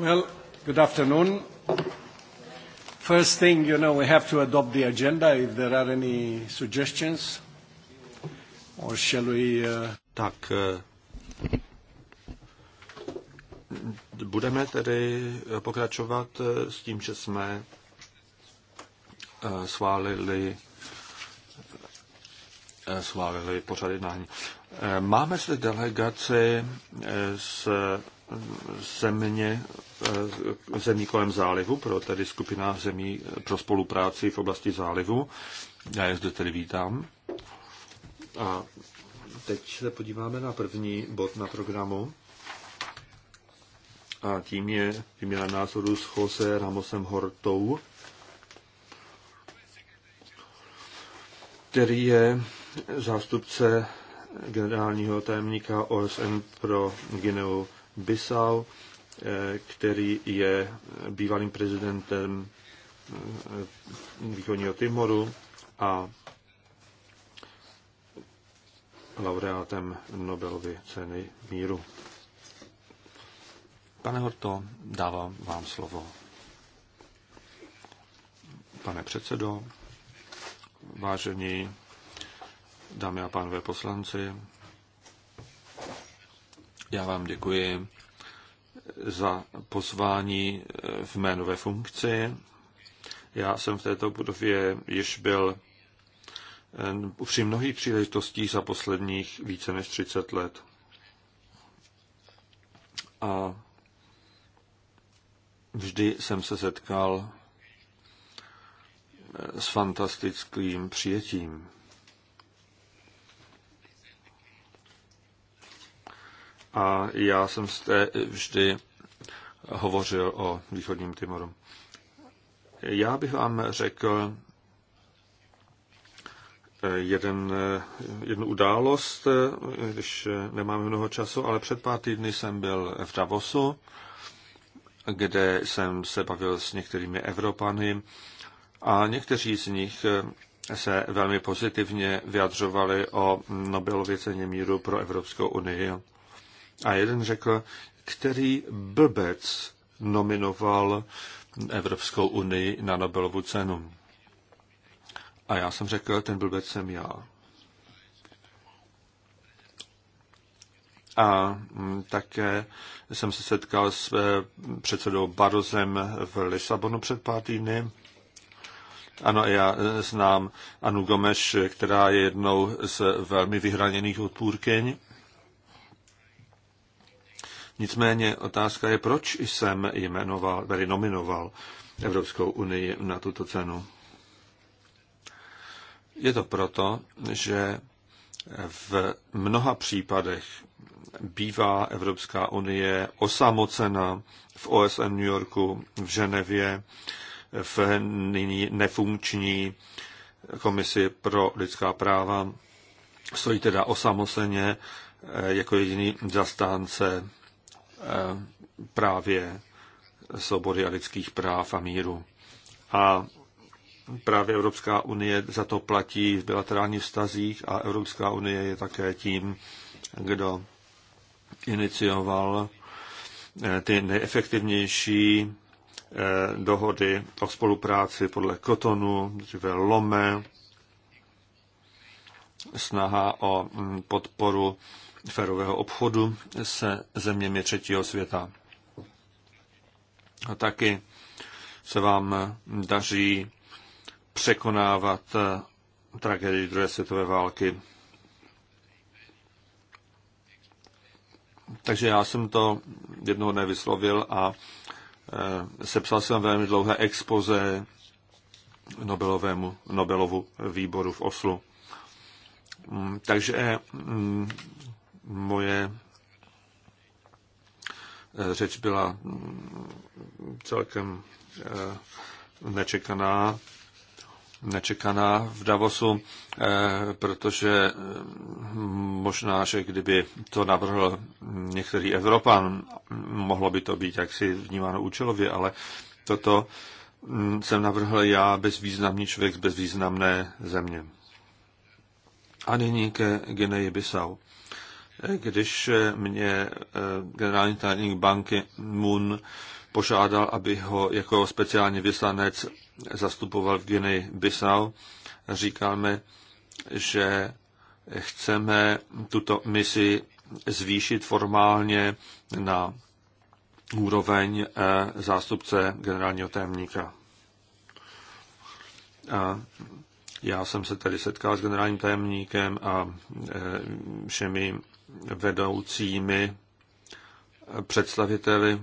Well, good afternoon. First thing, you know, we have to adopt the agenda if there are any suggestions. Or shall we... Uh, tak, eh, budeme tedy pokračovat eh, s tím, že jsme eh, schválili schválili pořad jednání. Máme zde delegaci z země Eh, zemí kolem zálivu, pro tedy skupina zemí eh, pro spolupráci v oblasti zálivu. Já je zde tedy vítám. A teď se podíváme na první bod na programu. A tím je výměna názoru s Jose Ramosem Hortou, který je zástupce generálního tajemníka OSN pro Gineu Bissau který je bývalým prezidentem eh, východního Timoru a laureátem Nobelovy ceny míru. Pane Horto, dávám vám slovo. Pane předsedo, vážení dámy a pánové poslanci, já vám děkuji za pozvání eh, v mé nové funkci. Já jsem v této budově již byl eh, při mnohých příležitostí za posledních více než 30 let. A vždy jsem se setkal eh, s fantastickým přijetím. a já jsem zde vždy hovořil o východním Timoru. Já bych vám řekl eh, jeden, eh, jednu událost, eh, když nemáme mnoho času, ale před pár týdny jsem byl v Davosu, kde jsem se bavil s některými Evropany a někteří z nich se velmi pozitivně vyjadřovali o Nobelově ceně míru pro Evropskou unii. A jeden řekl, který blbec nominoval Evropskou unii na Nobelovu cenu. A já jsem řekl, ten blbec jsem já. A mm, také jsem se setkal s eh, předsedou Barozem v Lisabonu před pár týdny. Ano, já eh, znám Anu Gomeš, která je jednou z velmi vyhraněných odpůrkyň. Nicméně otázka je, proč jsem jmenoval, tedy nominoval Evropskou unii na tuto cenu. Je to proto, že v mnoha případech bývá Evropská unie osamocena v OSN New Yorku, v Ženevě, v nyní nefunkční komisi pro lidská práva. Stojí teda osamoceně eh, jako jediný zastánce právě svobody a lidských práv a míru. A právě Evropská unie za to platí v bilaterálních vztazích a Evropská unie je také tím, kdo inicioval eh, ty nejefektivnější eh, dohody o spolupráci podle Kotonu, dříve Lome, snaha o mm, podporu ferového obchodu se zeměmi třetího světa. A taky se vám daří překonávat tragédii druhé světové války. Takže já jsem to jednoho dne vyslovil a e, sepsal jsem velmi dlouhé expoze Nobelovému, Nobelovu výboru v Oslu. Mm, takže mm, moje eh, řeč byla mm, celkem eh, nečekaná, nečekaná v Davosu, eh, protože mm, možná, že kdyby to navrhl některý Evropan, mohlo by to být jaksi vnímáno účelově, ale toto mm, jsem navrhl já bezvýznamný člověk z bezvýznamné země. A nyní ke Gineji Bissau když mě eh, generální tajemník banky Moon požádal, aby ho jako speciální vyslanec zastupoval v Guinea Bissau, říkáme, že chceme tuto misi zvýšit formálně na úroveň eh, zástupce generálního tajemníka. A já jsem se tady setkal s generálním tajemníkem a eh, všemi vedoucími představiteli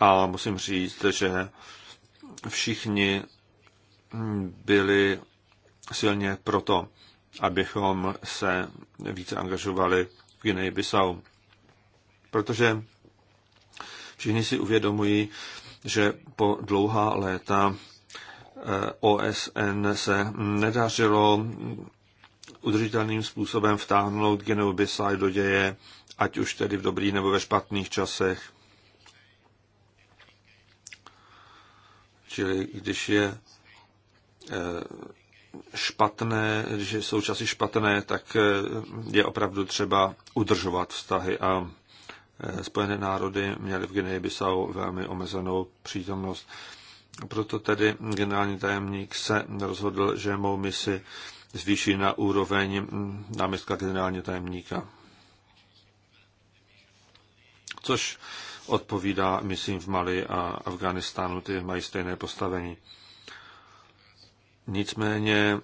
a musím říct, že všichni byli silně proto, abychom se více angažovali v Guinea Bissau. Protože všichni si uvědomují, že po dlouhá léta eh, OSN se nedařilo udržitelným způsobem vtáhnout Gineu Bissau do děje, ať už tedy v dobrých nebo ve špatných časech. Čili když je e, špatné, když jsou časy špatné, tak e, je opravdu třeba udržovat vztahy a e, Spojené národy měly v Guinea Bissau velmi omezenou přítomnost. Proto tedy generální tajemník se rozhodl, že mou misi zvýší na úroveň náměstka generálního tajemníka. Což odpovídá myslím v Mali a Afganistánu, ty mají stejné postavení. Nicméně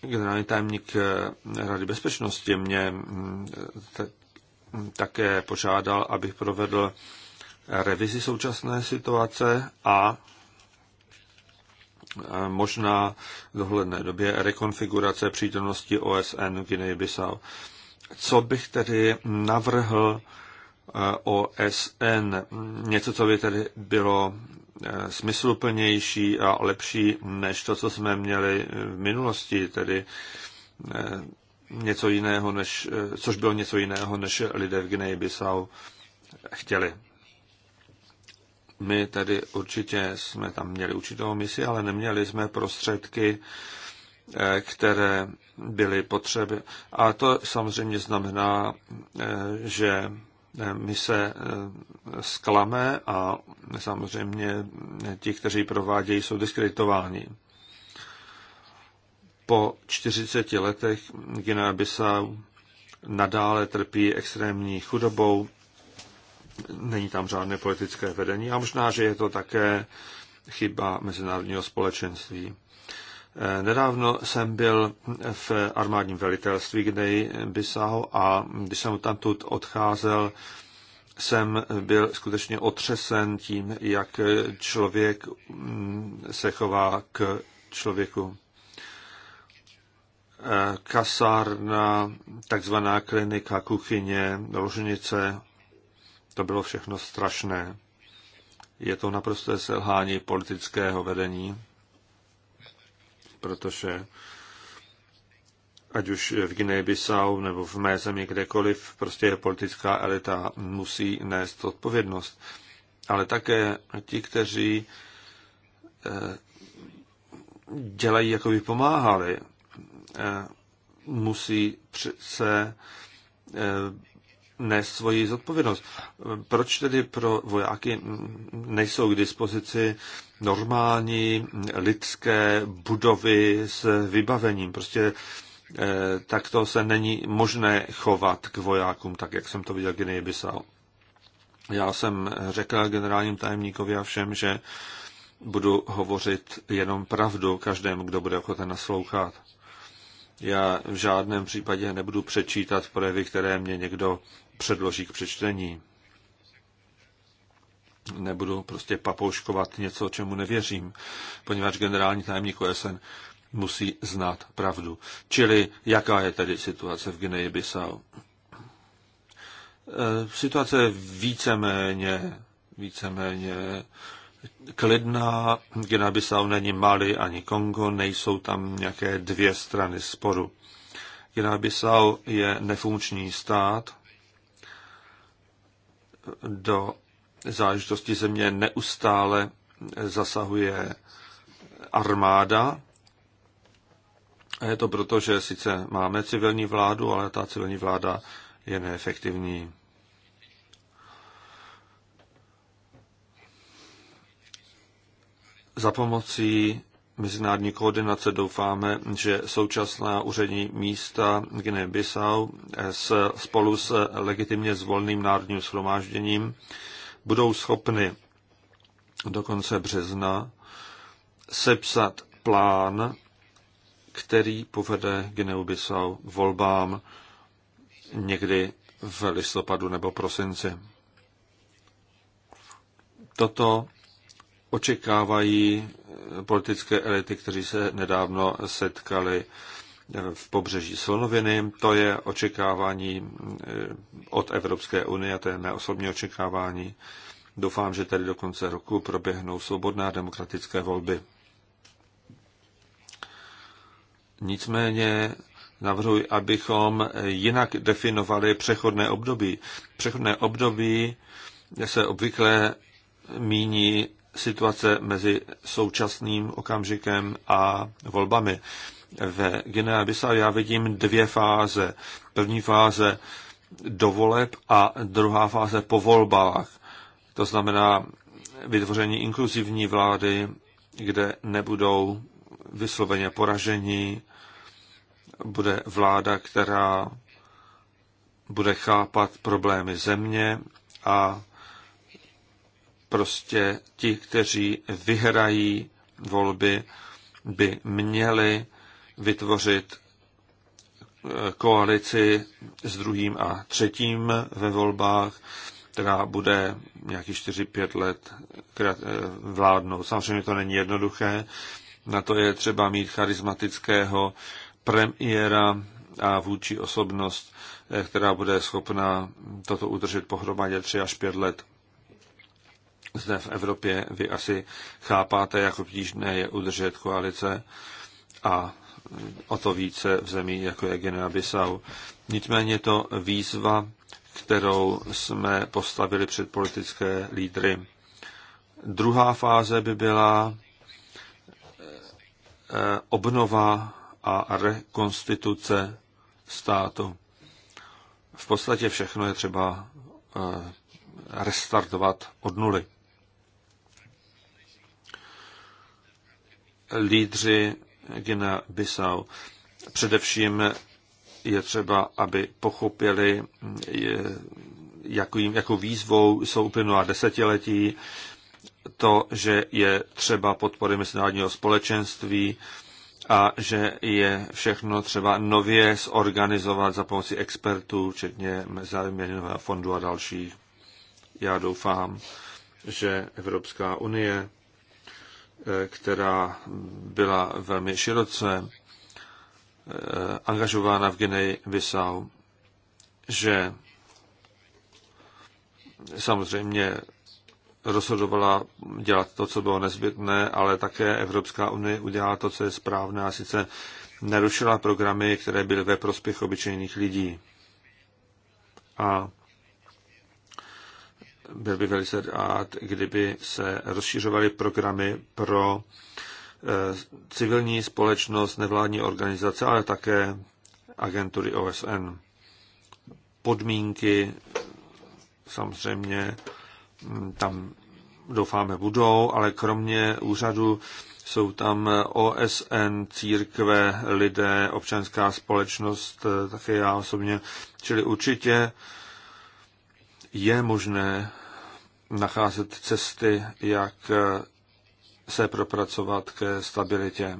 generální tajemník Rady bezpečnosti mě také požádal, abych provedl revizi současné situace a možná v dohledné době rekonfigurace přítomnosti OSN v Guinea-Bissau. Co bych tedy navrhl eh, OSN? Něco, co by tedy bylo eh, smysluplnější a lepší než to, co jsme měli eh, v minulosti, tedy něco jiného, než, což bylo něco jiného, než lidé v Guinea-Bissau chtěli. My tady určitě jsme tam měli určitou misi, ale neměli jsme prostředky, eh, které byly potřeby. A to samozřejmě znamená, eh, že eh, my se sklame a samozřejmě ti, kteří provádějí, jsou diskreditováni. Po 40 letech Guinea-Bissau nadále trpí extrémní chudobou, Není tam žádné politické vedení a možná, že je to také chyba mezinárodního společenství. Eh, nedávno jsem byl v armádním velitelství kde Bissau a když jsem tam tamtud odcházel, jsem byl skutečně otřesen tím, jak člověk mm, se chová k člověku. Eh, kasárna, takzvaná klinika, kuchyně, ložnice, to bylo všechno strašné. Je to naprosté selhání politického vedení, protože ať už v Guinea Bissau nebo v mé zemi kdekoliv, prostě politická elita musí nést odpovědnost. Ale také ti, kteří eh, dělají, jako by pomáhali, eh, musí se eh, nést svoji zodpovědnost. Proč tedy pro vojáky nejsou k dispozici normální lidské budovy s vybavením? Prostě eh, tak to se není možné chovat k vojákům, tak jak jsem to viděl Guinea Bissau. Já jsem řekl generálním tajemníkovi a všem, že budu hovořit jenom pravdu každému, kdo bude ochoten naslouchat. Já v žádném případě nebudu přečítat projevy, které mě někdo předloží k přečtení. Nebudu prostě papouškovat něco, čemu nevěřím, poněvadž generální tajemník OSN musí znát pravdu. Čili jaká je tedy situace v Gineji Bissau? E, situace víceméně, víceméně klidná, Guinea-Bissau není Mali ani Kongo, nejsou tam nějaké dvě strany sporu. guinea je nefunkční stát, do záležitosti země neustále zasahuje armáda. A je to proto, že sice máme civilní vládu, ale ta civilní vláda je neefektivní. Za pomocí mezinárodní koordinace doufáme, že současná úřední místa Guinea-Bissau spolu s legitimně zvolným národním shromážděním budou schopny do konce března sepsat plán, který povede Guineu-Bissau volbám někdy v listopadu nebo prosinci. Toto očekávají eh, politické elity, kteří se nedávno setkali eh, v pobřeží Slonoviny. To je očekávání eh, od Evropské unie, a to je mé osobní očekávání. Doufám, že tady do konce roku proběhnou svobodná demokratické volby. Nicméně navrhuji, abychom jinak definovali přechodné období. Přechodné období se obvykle míní situace mezi současným okamžikem a volbami. Ve Guinea Bissau já vidím dvě fáze. První fáze dovoleb a druhá fáze po volbách. To znamená vytvoření inkluzivní vlády, kde nebudou vysloveně poražení, bude vláda, která bude chápat problémy země a prostě ti, kteří vyhrají volby, by měli vytvořit eh, koalici s druhým a třetím ve volbách, která bude nějaký 4-5 let eh, vládnout. Samozřejmě to není jednoduché, na to je třeba mít charismatického premiéra a vůči osobnost, eh, která bude schopna toto udržet pohromadě 3 až 5 let zde v Evropě vy asi chápáte, jak obtížné je udržet koalice a o to více v zemí, jako je Guinea Bissau. Nicméně je to výzva, kterou jsme postavili před politické lídry. Druhá fáze by byla eh, obnova a rekonstituce státu. V podstatě všechno je třeba eh, restartovat od nuly. lídři Gina Bissau. Především je třeba, aby pochopili, jakým, jakou výzvou jsou uplynulá desetiletí, to, že je třeba podpory mezinárodního společenství a že je všechno třeba nově zorganizovat za pomoci expertů, včetně Mezinárodního fondu a dalších. Já doufám, že Evropská unie Eh, která byla velmi široce eh, angažována v Gineji Bissau, že samozřejmě rozhodovala dělat to, co bylo nezbytné, ale také Evropská unie udělala to, co je správné, a sice narušila programy, které byly ve prospěch obyčejných lidí. A byl bych velice rád, kdyby se rozšířovaly programy pro eh, civilní společnost, nevládní organizace, ale také agentury OSN. Podmínky samozřejmě hm, tam doufáme budou, ale kromě úřadu jsou tam OSN, církve, lidé, občanská společnost, eh, také já osobně, čili určitě je možné nacházet cesty, jak eh, se propracovat ke stabilitě.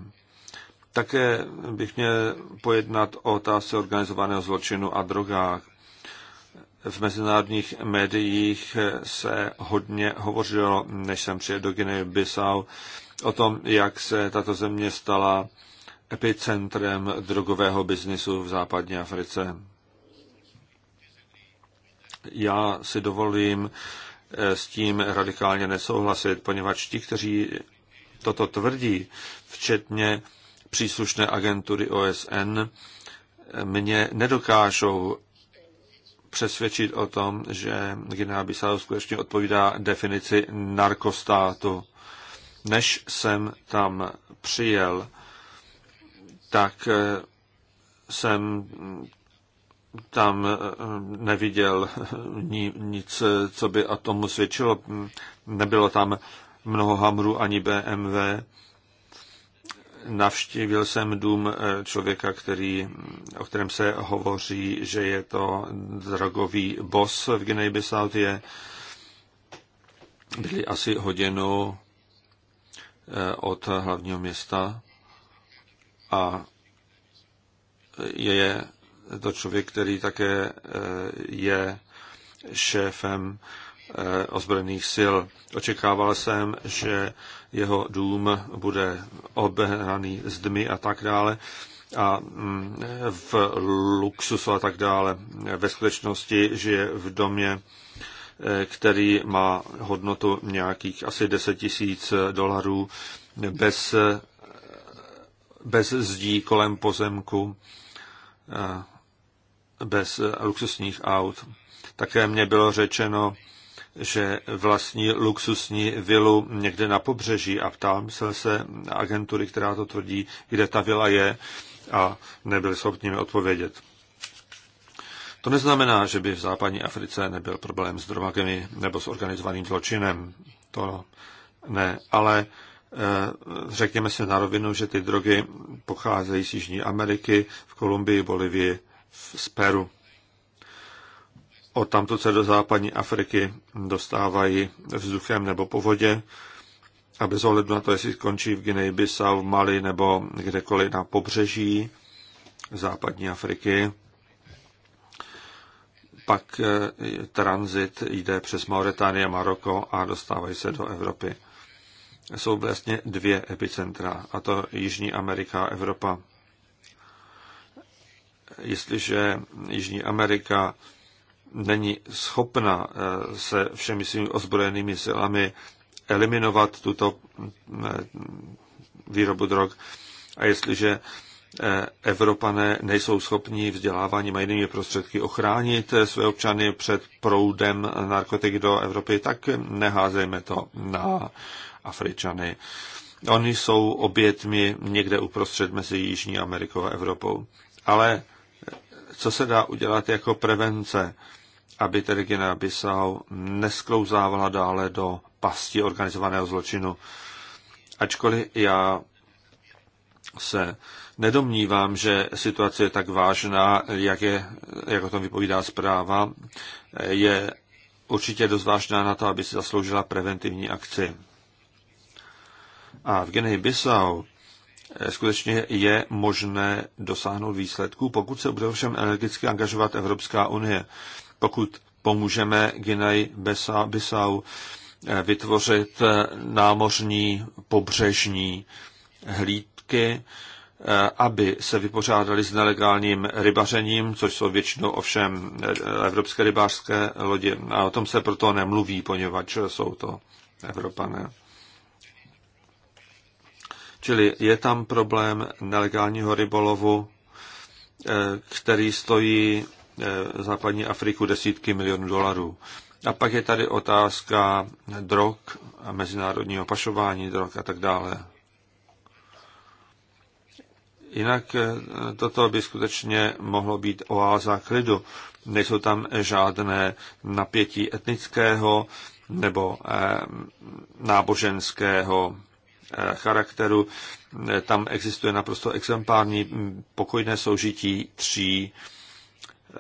Také bych měl pojednat o otázce organizovaného zločinu a drogách. V mezinárodních médiích eh, se hodně hovořilo, než jsem přijel do Guinea Bissau, o tom, jak se tato země stala epicentrem drogového biznisu v západní Africe já si dovolím eh, s tím radikálně nesouhlasit, poněvadž ti, kteří toto tvrdí, včetně příslušné agentury OSN, mě nedokážou přesvědčit o tom, že Guinea Bissau skutečně odpovídá definici narkostátu. Než jsem tam přijel, tak eh, jsem tam eh, neviděl eh, nic, eh, co by a tomu svědčilo. Nebylo tam mnoho hamru ani BMW. Navštívil jsem dům člověka, který, o kterém se hovoří, že je to drogový boss v guinea je byli asi hodinu od hlavního města a je to člověk, který také eh, je šéfem eh, ozbrojených sil. Očekával jsem, že jeho dům bude obehraný zdmi a tak dále a mm, v luxusu a tak dále. Ve skutečnosti žije v domě, eh, který má hodnotu nějakých asi 10 tisíc dolarů bez, bez zdí kolem pozemku bez luxusních aut. Také mě bylo řečeno, že vlastní luxusní vilu někde na pobřeží a ptám se se agentury, která to tvrdí, kde ta vila je a nebyl schopni mi odpovědět. To neznamená, že by v západní Africe nebyl problém s drogami nebo s organizovaným zločinem. To ne, ale e, řekněme si na rovinu, že ty drogy pocházejí z Jižní Ameriky, v Kolumbii, Bolivii z Peru. O tamto se do západní Afriky dostávají vzduchem nebo po vodě a bez ohledu na to, jestli skončí v Guinea Bissau, v Mali nebo kdekoliv na pobřeží západní Afriky, pak eh, tranzit jde přes Mauretánie a Maroko a dostávají se do Evropy. Jsou vlastně dvě epicentra, a to Jižní Amerika a Evropa jestliže Jižní Amerika není schopna eh, se všemi svými ozbrojenými silami eliminovat tuto eh, výrobu drog a jestliže eh, Evropané nejsou schopni vzděláváním a jinými prostředky ochránit své občany před proudem narkotik do Evropy, tak neházejme to na Afričany. Oni jsou obětmi někde uprostřed mezi Jižní Amerikou a Evropou. Ale co se dá udělat jako prevence, aby tedy Gina Bissau nesklouzávala dále do pasti organizovaného zločinu. Ačkoliv já se nedomnívám, že situace je tak vážná, jak, je, jak o tom vypovídá zpráva, je určitě dost vážná na to, aby si zasloužila preventivní akci. A v Guinea-Bissau skutečně je možné dosáhnout výsledků, pokud se bude všem energeticky angažovat Evropská unie. Pokud pomůžeme Ginej Bissau eh, vytvořit eh, námořní pobřežní hlídky, eh, aby se vypořádali s nelegálním rybařením, což jsou většinou ovšem evropské rybářské lodi. A o tom se proto nemluví, poněvadž jsou to Evropané. Ne. Čili je tam problém nelegálního rybolovu, eh, který stojí eh, západní Afriku desítky milionů dolarů. A pak je tady otázka drog a mezinárodního pašování drog a tak dále. Jinak eh, toto by skutečně mohlo být oáza klidu. Nejsou tam žádné napětí etnického nebo náboženského Eh, charakteru. Eh, tam existuje naprosto exemplární mm, pokojné soužití tří,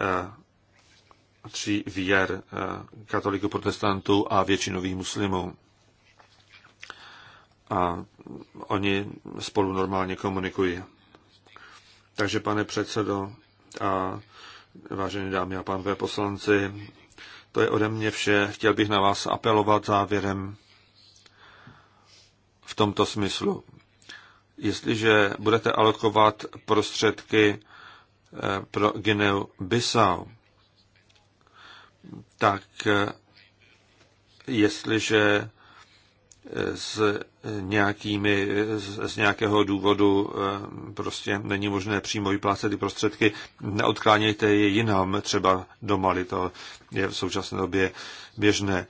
eh, tří věr katoliků, protestantů a většinových muslimů. A oni spolu normálně komunikují. Takže, pane předsedo a vážené dámy a pánové poslanci, to je ode mě vše. Chtěl bych na vás apelovat závěrem v tomto smyslu. Jestliže budete alokovat prostředky eh, pro Gineu Bissau, tak eh, jestliže eh, s, nějakými, z nějakého důvodu prostě není možné přímo vyplácet ty prostředky, neodklánějte je jinam, třeba do Mali, to je v současné době běžné.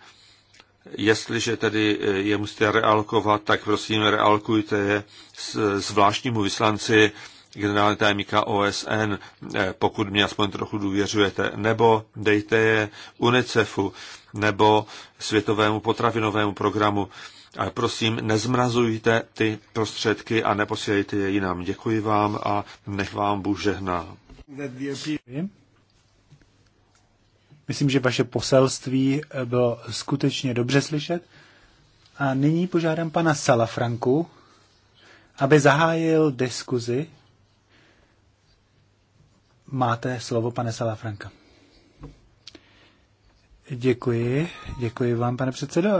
Jestliže tedy eh, je musíte realkovat, tak prosím realkujte je s zvláštnímu vyslanci generální tajemníka OSN, eh, pokud mě aspoň trochu důvěřujete, nebo dejte je UNICEFu, nebo Světovému potravinovému programu. A prosím, nezmrazujte ty prostředky a neposílejte je jinam. Děkuji vám a nech vám Bůh žehná. Myslím, že vaše poselství eh, bylo skutečně dobře slyšet. A nyní požádám pana Salafranku, aby zahájil diskuzi. Máte slovo, pane Salafranka. Děkuji, děkuji vám, pane předsedo.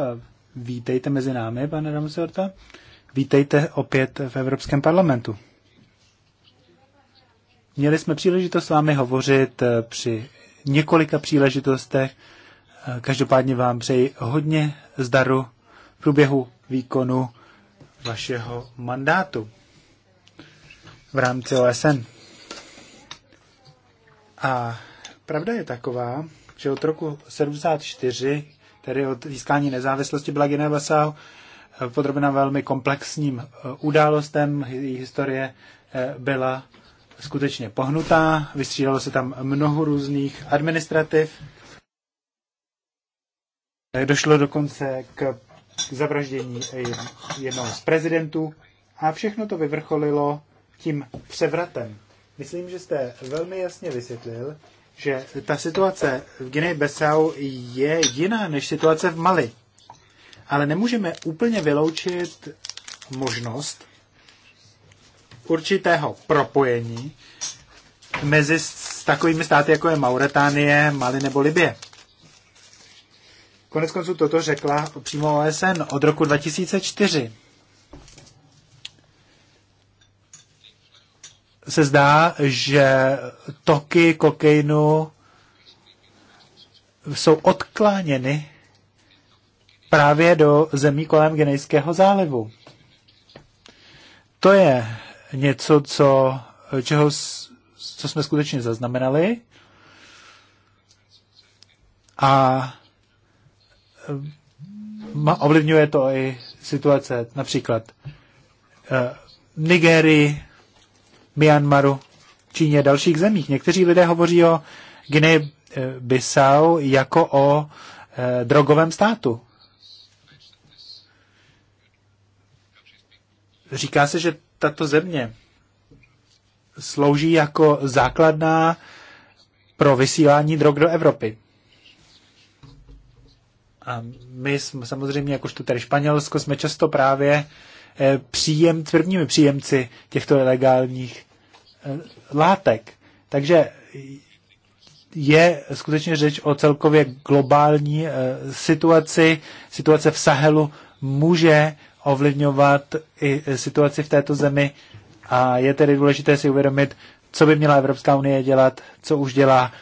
Vítejte mezi námi, pane Ramosorta. Vítejte opět v Evropském parlamentu. Měli jsme příležitost s vámi hovořit eh, při několika příležitostech. Každopádně vám přeji hodně zdaru v průběhu výkonu vašeho mandátu v rámci OSN. A pravda je taková, že od roku 74, tedy od získání nezávislosti, byla Guinea Bissau eh, podrobena velmi komplexním eh, událostem. Její historie eh, byla skutečně pohnutá, vystřídalo se tam mnoho různých administrativ. Došlo dokonce k zavraždění jednoho z prezidentů a všechno to vyvrcholilo tím převratem. Myslím, že jste velmi jasně vysvětlil, že ta situace v Guinea-Bissau je jiná než situace v Mali. Ale nemůžeme úplně vyloučit možnost, určitého propojení mezi s takovými státy, jako je Mauretánie, Mali nebo Libie. Konec konců toto řekla přímo OSN od roku 2004. Se zdá, že toky kokainu jsou odkláněny právě do zemí kolem Genejského zálivu. To je něco, co, čeho, co jsme skutečně zaznamenali. A eh, ovlivňuje to i situace například eh, Nigérii, Myanmaru, Číně a dalších zemích. Někteří lidé hovoří o Guinea Bissau jako o eh, drogovém státu. Říká se, že tato země slouží jako základná pro vysílání drog do Evropy. A my jsme samozřejmě, jakožto tady Španělsko, jsme často právě eh, příjem, prvními příjemci těchto ilegálních eh, látek. Takže je skutečně řeč o celkově globální eh, situaci. Situace v Sahelu může ovlivňovat i situaci v této zemi a je tedy důležité si uvědomit, co by měla Evropská unie dělat, co už dělá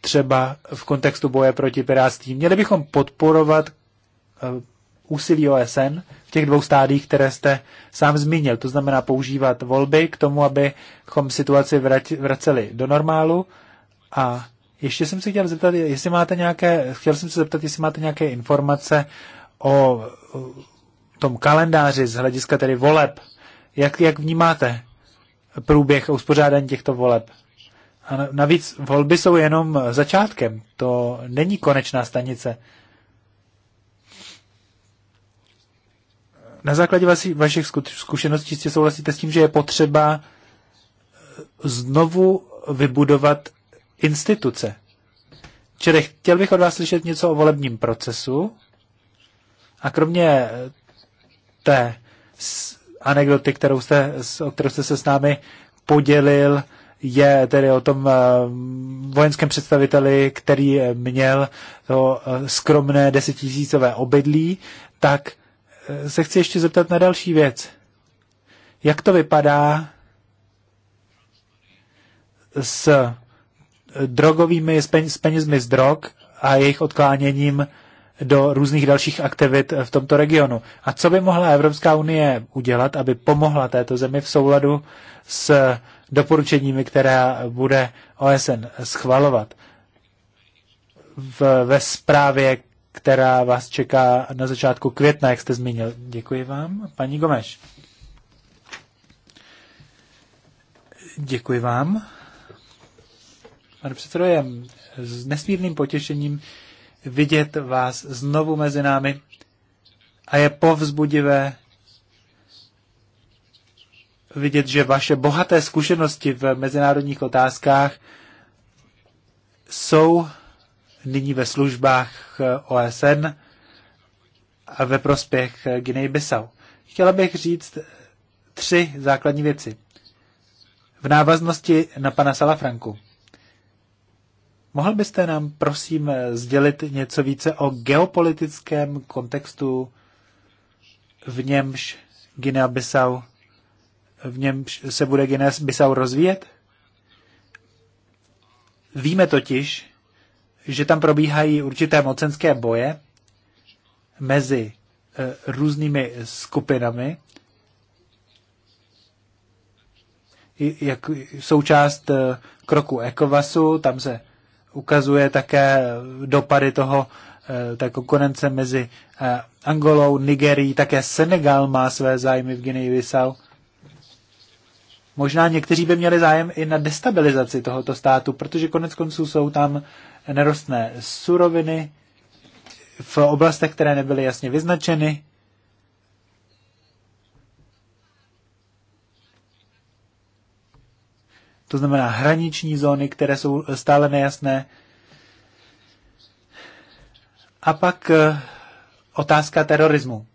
třeba v kontextu boje proti piráctví. Měli bychom podporovat eh, úsilí OSN v těch dvou stádiích, které jste sám zmínil. To znamená používat volby k tomu, abychom situaci vraceli do normálu. A ještě jsem se chtěl zeptat, jestli máte nějaké, chtěl jsem se zeptat, jestli máte nějaké informace o tom kalendáři z hlediska tedy voleb. Jak, jak vnímáte průběh a uspořádání těchto voleb? A navíc volby jsou jenom začátkem. To není konečná stanice. Na základě vaši, vašich zkušeností jistě souhlasíte s tím, že je potřeba eh, znovu vybudovat instituce. Čili chtěl bych od vás slyšet něco o volebním procesu. A kromě té anekdoty, kterou jste, o kterou jste se s námi podělil, je tedy o tom eh, vojenském představiteli, který eh, měl to eh, skromné desetitisícové obydlí, tak se chci ještě zeptat na další věc. Jak to vypadá s drogovými, s penězmi z drog a jejich odkláněním do různých dalších aktivit v tomto regionu. A co by mohla Evropská unie udělat, aby pomohla této zemi v souladu s doporučeními, která bude OSN schvalovat? V, ve zprávě, která vás čeká na začátku května, jak jste zmínil. Děkuji vám. Paní Gomeš. Děkuji vám. Pane předsedo, je s nesmírným potěšením, vidět vás znovu mezi námi a je povzbudivé vidět, že vaše bohaté zkušenosti v mezinárodních otázkách jsou nyní ve službách OSN a ve prospěch Guinea-Bissau. Chtěla bych říct tři základní věci. V návaznosti na pana Salafranku. Mohl byste nám prosím sdělit něco více o geopolitickém kontextu, v němž Guinea-Bissau v něm se bude Guinea-Bissau rozvíjet? Víme totiž, že tam probíhají určité mocenské boje mezi eh, různými skupinami, jak součást eh, kroku ECOWASu, tam se ukazuje také dopady toho eh, té konkurence mezi eh, Angolou, Nigerií, také Senegal má své zájmy v Guinea-Bissau. Možná někteří by měli zájem i na destabilizaci tohoto státu, protože konec konců jsou tam nerostné suroviny v oblastech, které nebyly jasně vyznačeny to znamená hraniční zóny, které jsou eh, stále nejasné. A pak eh, otázka terorismu.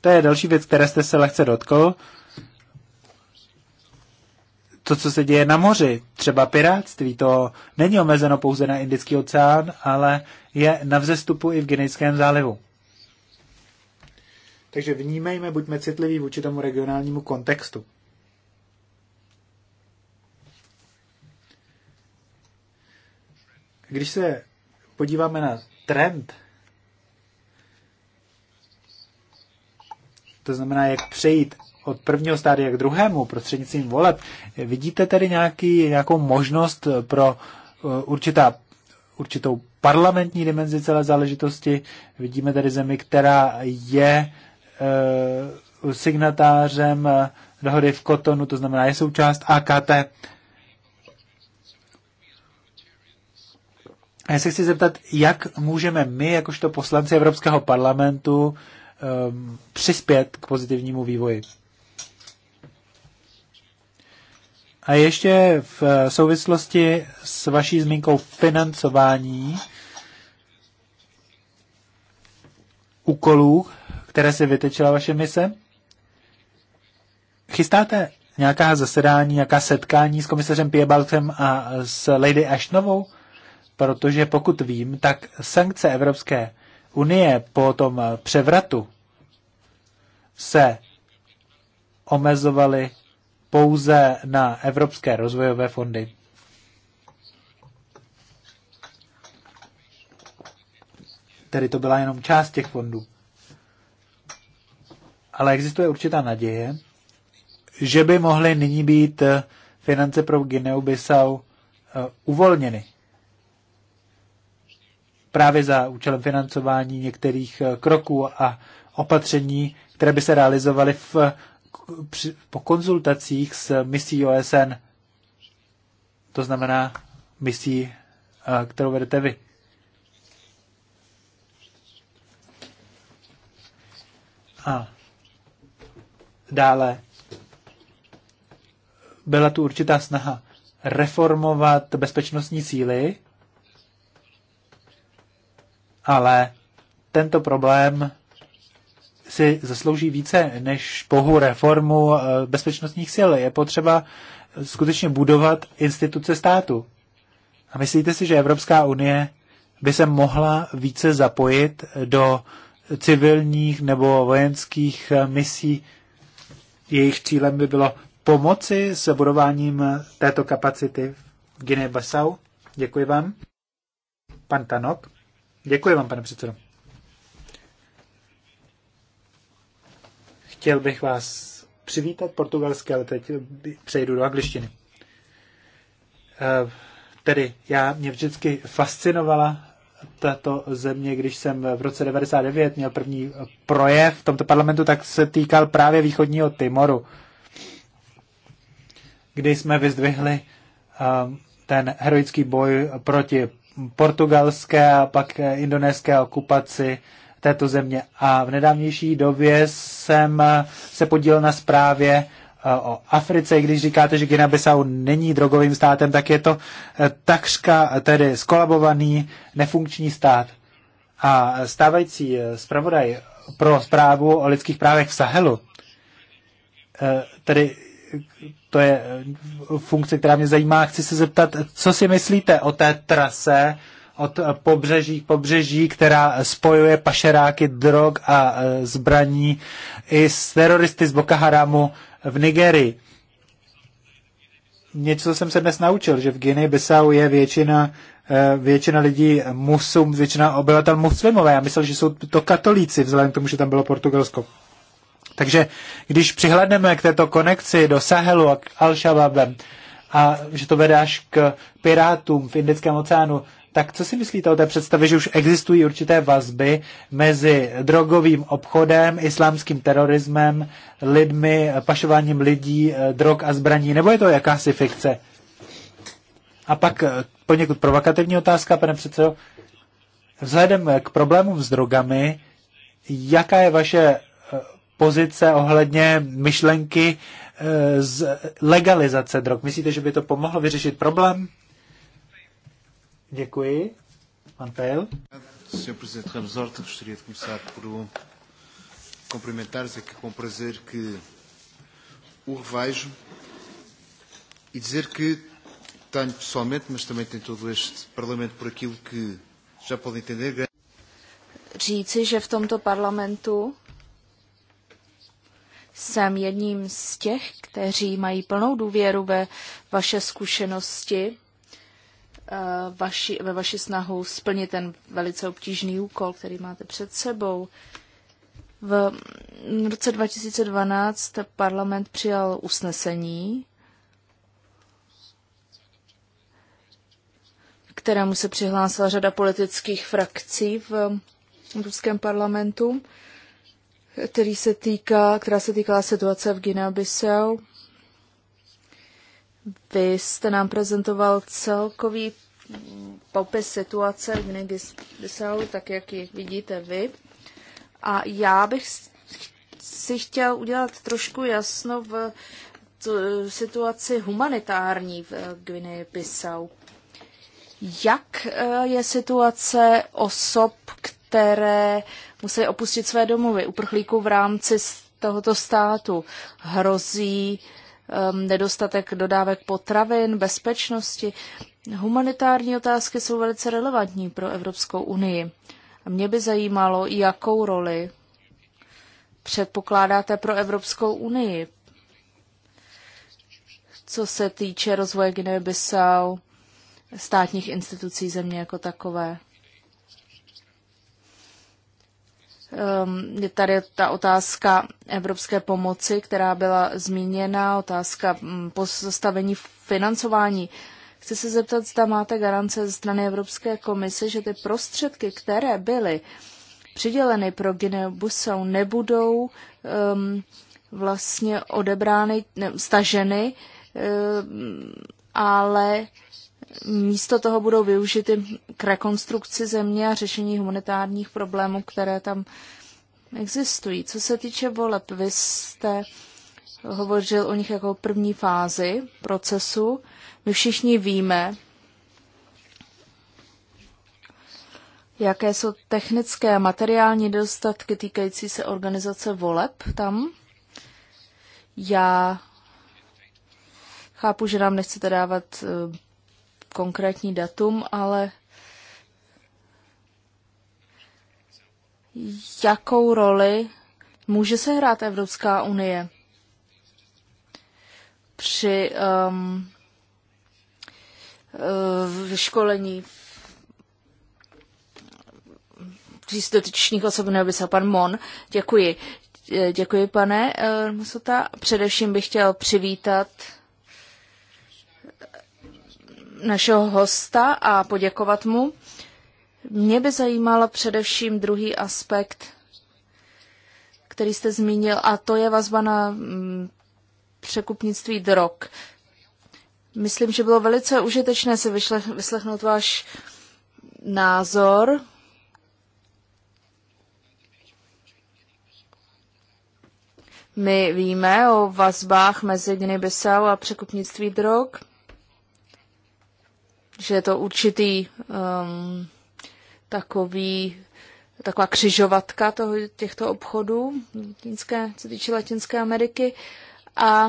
To je další věc, které jste se lehce dotkl. To, co se děje na moři, třeba piráctví, to není omezeno pouze na Indický oceán, ale je na vzestupu i v Guinejském zálivu. Takže vnímejme, buďme citliví vůči tomu regionálnímu kontextu. Když se podíváme na trend, to znamená, jak přejít od prvního stádia k druhému prostřednictvím voleb, vidíte tady nějaký, nějakou možnost pro eh, určitá, určitou parlamentní dimenzi celé záležitosti? Vidíme tady zemi, která je eh, signatářem eh, dohody v Kotonu, to znamená je součást AKT A já se chci zeptat, jak můžeme my, jakožto poslanci Evropského parlamentu, um, přispět k pozitivnímu vývoji. A ještě v souvislosti s vaší zmínkou financování úkolů, které si vytečila vaše mise, chystáte nějaká zasedání, nějaká setkání s komisařem Piebalcem a s Lady Ashnovou? protože pokud vím, tak sankce Evropské unie po tom převratu se omezovaly pouze na evropské rozvojové fondy. Tedy to byla jenom část těch fondů. Ale existuje určitá naděje, že by mohly nyní být finance pro Guineu-Bissau eh, uvolněny právě za účelem financování některých eh, kroků a opatření, které by se realizovaly v, při, po konzultacích s misí OSN. To znamená misí, eh, kterou vedete vy. A dále byla tu určitá snaha reformovat bezpečnostní síly, ale tento problém si zaslouží více než pohu reformu eh, bezpečnostních sil. Je potřeba skutečně budovat instituce státu. A myslíte si, že Evropská unie by se mohla více zapojit do civilních nebo vojenských eh, misí? Jejich cílem by bylo pomoci s budováním této kapacity v Guinea-Bissau. Děkuji vám. Pan Tanok. Děkuji vám, pane předsedo. Chtěl bych vás přivítat portugalsky, ale teď přejdu do angličtiny. Eh, tedy já mě vždycky fascinovala tato země, když jsem v roce 99 měl první projev v tomto parlamentu, tak se týkal právě východního Timoru, kdy jsme vyzdvihli eh, ten heroický boj proti portugalské a pak eh, indonéské okupaci této země. A v nedávnější době jsem eh, se podílel na zprávě eh, o Africe, když říkáte, že Guinea-Bissau není drogovým státem, tak je to takřka tedy skolabovaný, nefunkční stát. A stávající zpravodaj pro zprávu o lidských právech v Sahelu, tedy to je eh, funkce, která mě zajímá. Chci se zeptat, co si myslíte o té trase od eh, pobřeží k pobřeží, která eh, spojuje pašeráky drog a zbraní i s teroristy z Boko Haramu v Nigerii. Něco jsem se dnes naučil, že v Guinea Bissau je většina, většina lidí musum, většina obyvatel muslimové. Já myslel, že jsou to katolíci, vzhledem k tomu, že tam bylo Portugalsko. Takže když přihledneme k této konekci do Sahelu a k al shababem a že to vede až k pirátům v Indickém oceánu, tak co si myslíte o té představě, že už existují určité vazby mezi drogovým obchodem, islámským terorismem, lidmi, pašováním lidí, eh, drog a zbraní, nebo je to jakási fikce? A pak eh, poněkud provokativní otázka, pane předsedo. Vzhledem k problémům s drogami, jaká je vaše pozice ohledně myšlenky eh, z legalizace drog. Myslíte, že by to pomohlo vyřešit problém? Děkuji. Pan Pejl. Sr. Presidente Ramos Horta, gostaria de começar por um cumprimentar-vos aqui com prazer que o revejo e dizer que tenho pessoalmente, mas também tem todo este Parlamento por aquilo que já podem entender. Říci, že v tomto parlamentu jsem jedním z těch, kteří mají plnou důvěru ve vaše zkušenosti, eh, vaši, ve vaši snahu splnit ten velice obtížný úkol, který máte před sebou. V roce 2012 parlament přijal usnesení, kterému se přihlásila řada politických frakcí v Evropském parlamentu který se týká, která se týkala situace v Guinea-Bissau. Vy jste nám prezentoval celkový popis situace v Guinea-Bissau, tak jak ji vidíte vy. A já bych si chtěl udělat trošku jasno v situaci humanitární v Guinea-Bissau. Jak eh, je situace osob, které museli opustit své domovy. Uprchlíků v rámci tohoto státu hrozí um, nedostatek dodávek potravin, bezpečnosti. Humanitární otázky jsou velice relevantní pro Evropskou unii. A mě by zajímalo, jakou roli předpokládáte pro Evropskou unii, co se týče rozvoje Guinea-Bissau, státních institucí země jako takové. Ehm, je tady ta otázka evropské pomoci, která byla zmíněna, otázka mm, pozastavení financování. Chci se zeptat, zda máte garance ze strany Evropské komise, že ty prostředky, které byly přiděleny pro Guinea-Bissau, nebudou um, vlastně odebrány, ne, staženy, um, ale místo toho budou využity k rekonstrukci země a řešení humanitárních problémů, které tam existují. Co se týče voleb, vy jste hovořil o nich jako první fázi procesu. My všichni víme, jaké jsou technické a materiální dostatky týkající se organizace voleb tam. Já chápu, že nám nechcete dávat eh, konkrétní datum, ale jakou roli může se hrát Evropská unie při um, uh, vyškolení přístotečních osob nebo se pan Mon. Děkuji. Děkuji, pane eh, Musota. Především bych chtěl přivítat našeho hosta a poděkovat mu. Mě by zajímal především druhý aspekt, který jste zmínil, a to je vazba na mm, překupnictví drog. Myslím, že bylo velice užitečné si vyslechnout váš názor. My víme o vazbách mezi guinea a překupnictví drog že je to určitý um, takový, taková křižovatka toho, těchto obchodů, latinské, co týče Latinské Ameriky. A,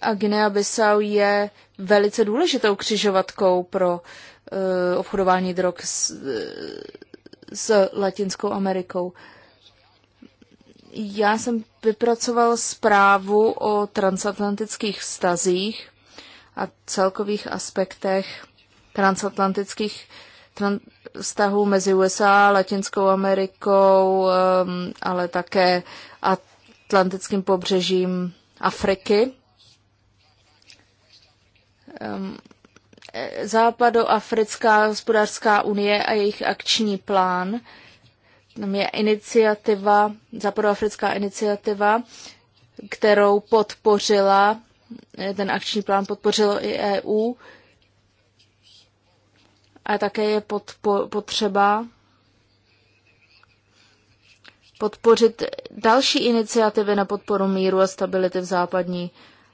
a Guinea-Bissau je velice důležitou křižovatkou pro uh, obchodování drog s, s Latinskou Amerikou. Já jsem vypracoval zprávu o transatlantických vztazích a celkových aspektech transatlantických vztahů mezi USA, Latinskou Amerikou, um, ale také atlantickým pobřežím Afriky. Um, Západoafrická hospodářská unie a jejich akční plán. Tam je iniciativa, Západoafrická iniciativa, kterou podpořila ten akční plán podpořilo i EU. A také je podpo- potřeba podpořit další iniciativy na podporu míru a stability v západní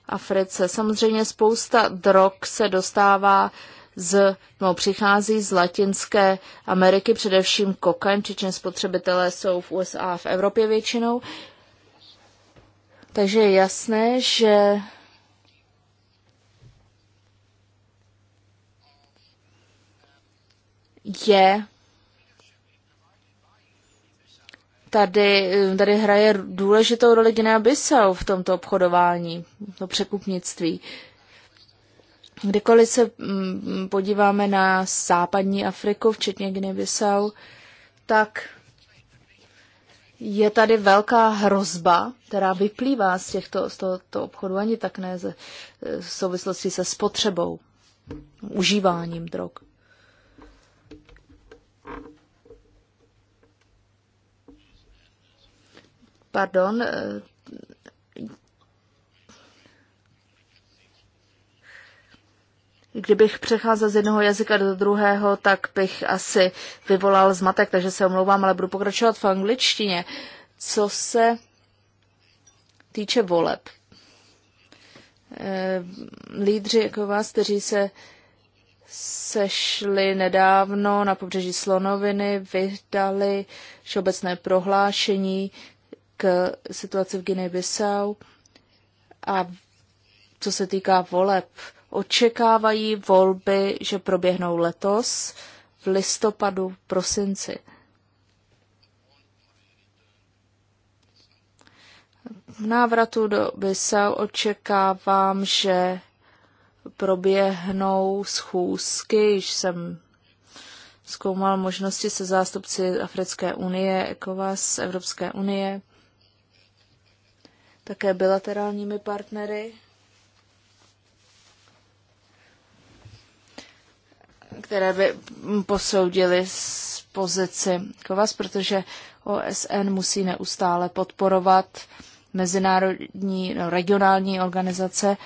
Africe. Samozřejmě spousta drog se dostává z, no, přichází z Latinské Ameriky, především kokain, přičem spotřebitelé jsou v USA a v Evropě většinou. Takže je jasné, že je tady, tady hraje důležitou roli Guinea Bissau v tomto obchodování, to překupnictví. Kdykoliv se mm, podíváme na západní Afriku, včetně Guinea Bissau, tak je tady velká hrozba, která vyplývá z, těchto, z tohoto obchodu, ani tak ne e, v souvislosti se spotřebou, užíváním drog. Pardon. Eh, kdybych přecházel z jednoho jazyka do druhého, tak bych asi vyvolal zmatek, takže se omlouvám, ale budu pokračovat v angličtině. Co se týče voleb, eh, lídři jako vás, kteří se sešli nedávno na pobřeží Slonoviny, vydali všeobecné prohlášení, k situaci v Guinea-Bissau a co se týká voleb, očekávají volby, že proběhnou letos v listopadu, prosinci. V návratu do Bissau očekávám, že proběhnou schůzky, již jsem zkoumal možnosti se zástupci Africké unie, ECOWAS, Evropské unie také bilaterálními partnery, které by posoudili z pozici Kovas, protože OSN musí neustále podporovat mezinárodní, no, regionální organizace.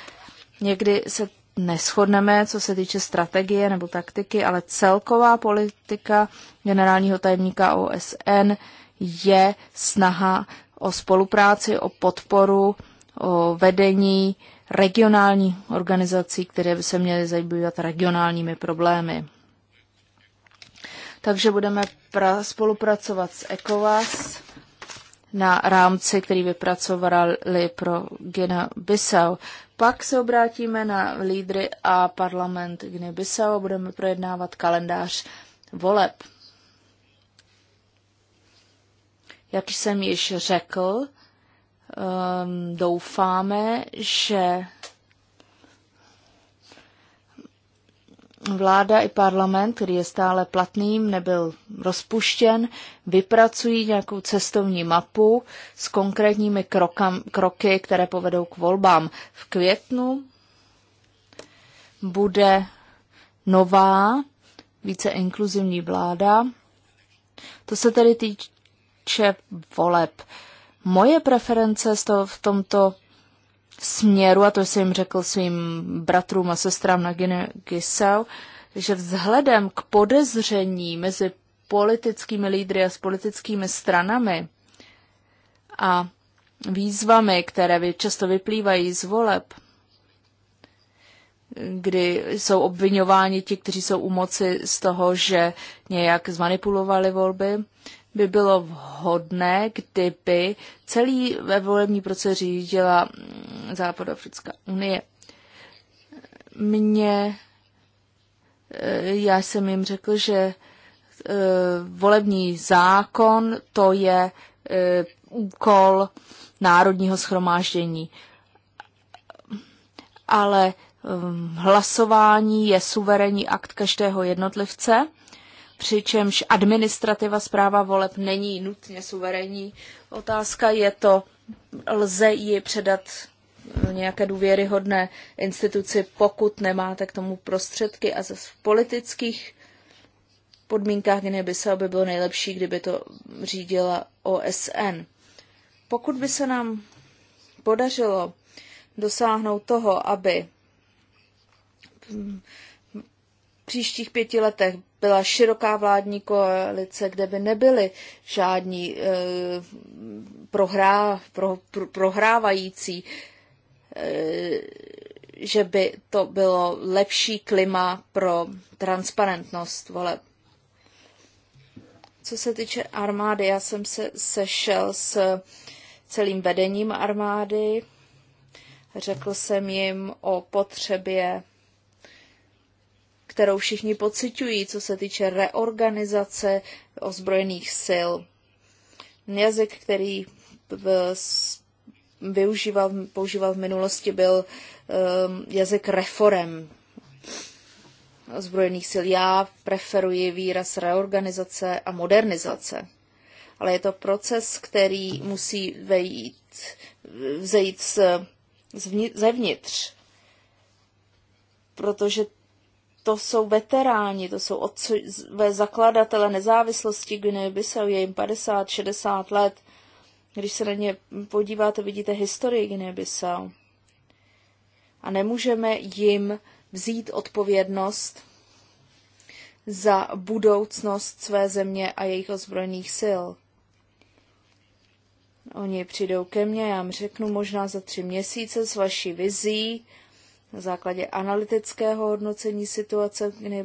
Někdy se neschodneme, co se týče strategie nebo taktiky, ale celková politika generálního tajemníka OSN je snaha o spolupráci, o podporu, o vedení regionální organizací, které by se měly zabývat regionálními problémy. Takže budeme pra- spolupracovat s ECOWAS na rámci, který vypracovali pro Gina Bissau. Pak se obrátíme na lídry a parlament Gina Bissau a budeme projednávat kalendář voleb. Jak jsem již řekl, ehm, doufáme, že vláda i parlament, který je stále platným, nebyl rozpuštěn, vypracují nějakou cestovní mapu s konkrétními krokam, kroky, které povedou k volbám. V květnu bude nová, více inkluzivní vláda. To se tedy týč, týče voleb. Moje preference z toho, v tomto směru, a to jsem jim řekl svým bratrům a sestrám na Gisau, že vzhledem k podezření mezi politickými lídry a s politickými stranami a výzvami, které často vyplývají z voleb, kdy jsou obvinováni ti, kteří jsou u moci z toho, že nějak zmanipulovali volby, by bylo vhodné, kdyby celý ve volební proces řídila mm, Západoafrická unie. Mně, eh, já jsem jim řekl, že eh, volební zákon to je eh, úkol národního schromáždění. Ale mm, hlasování je suverénní akt každého jednotlivce přičemž administrativa zpráva voleb není nutně suverénní. Otázka je to, lze ji předat eh, nějaké důvěryhodné instituci, pokud nemáte k tomu prostředky a zase v politických podmínkách Guinea Bissau by bylo nejlepší, kdyby to řídila OSN. Pokud by se nám podařilo dosáhnout toho, aby příštích pěti letech byla široká vládní koalice, kde by nebyly žádní e, prohrá, pro, pro, prohrávající, e, že by to bylo lepší klima pro transparentnost voleb. Co se týče armády, já jsem se sešel s celým vedením armády. Řekl jsem jim o potřebě kterou všichni pociťují, co se týče reorganizace ozbrojených sil. Jazyk, který využíval, používal v minulosti, byl um, jazyk reform ozbrojených sil. Já preferuji výraz reorganizace a modernizace. Ale je to proces, který musí vejít, vzejít z, zvnitř, zevnitř. Protože to jsou veteráni, to jsou otcové zakladatele nezávislosti Guinea Bissau, je jim 50, 60 let. Když se na ně podíváte, vidíte historii Guinea Bissau. A nemůžeme jim vzít odpovědnost za budoucnost své země a jejich ozbrojených sil. Oni přijdou ke mně, já jim řeknu možná za tři měsíce s vaší vizí, na základě analytického hodnocení situace v guinea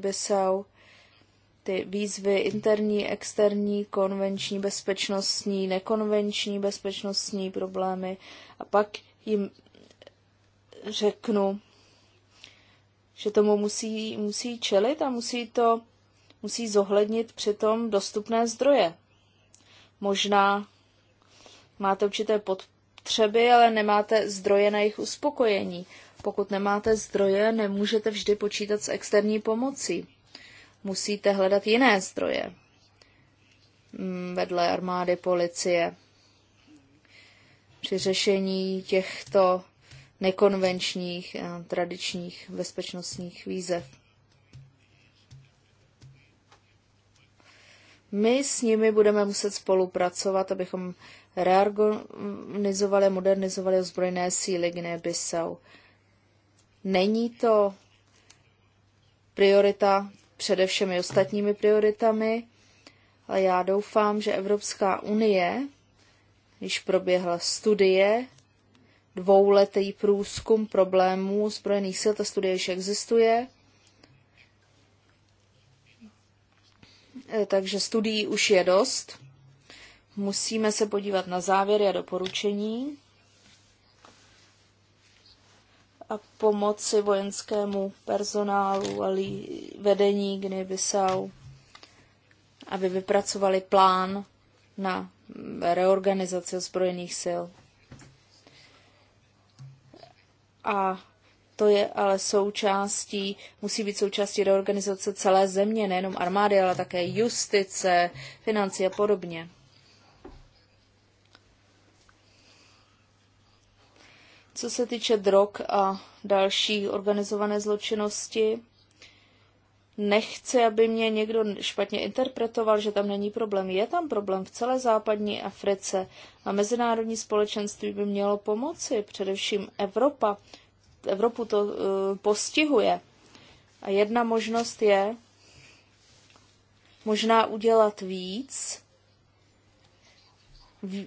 ty výzvy interní, externí, konvenční, bezpečnostní, nekonvenční, bezpečnostní problémy a pak jim řeknu, že tomu musí, musí čelit a musí to musí zohlednit přitom dostupné zdroje. Možná máte určité potřeby, ale nemáte zdroje na jejich uspokojení. Pokud nemáte zdroje, nemůžete vždy počítat s externí pomocí. Musíte hledat jiné zdroje mm, vedle armády, policie. Při řešení těchto nekonvenčních, tradičních bezpečnostních výzev. My s nimi budeme muset spolupracovat, abychom reorganizovali, modernizovali ozbrojené síly Guinea-Bissau. Není to priorita přede všemi ostatními prioritami, ale já doufám, že Evropská unie, když proběhla studie, dvouletý průzkum problémů zbrojených sil, ta studie již existuje, eh, takže studií už je dost. Musíme se podívat na závěry a doporučení. a pomoci vojenskému personálu a vedení guinea aby vypracovali plán na reorganizaci ozbrojených sil. A to je ale součástí, musí být součástí reorganizace celé země, nejenom armády, ale také justice, financí a podobně. Co se týče drog a další organizované zločinnosti, nechci, aby mě někdo špatně interpretoval, že tam není problém. Je tam problém v celé západní Africe a mezinárodní společenství by mělo pomoci, především Evropa. Evropu to uh, postihuje. A jedna možnost je možná udělat víc,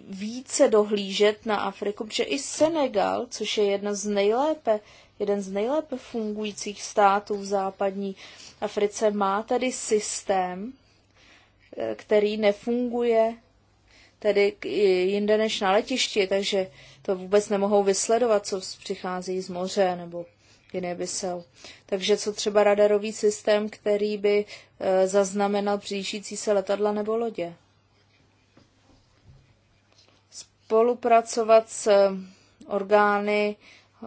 více dohlížet na Afriku, protože i Senegal, což je jedna z nejlépe, jeden z nejlépe fungujících států v západní Africe, má tady systém, eh, který nefunguje tedy jinde než na letišti, takže to vůbec nemohou vysledovat, co přichází z moře nebo jiné vysel. Takže co třeba radarový systém, který by eh, zaznamenal blížící se letadla nebo lodě? spolupracovat s eh, orgány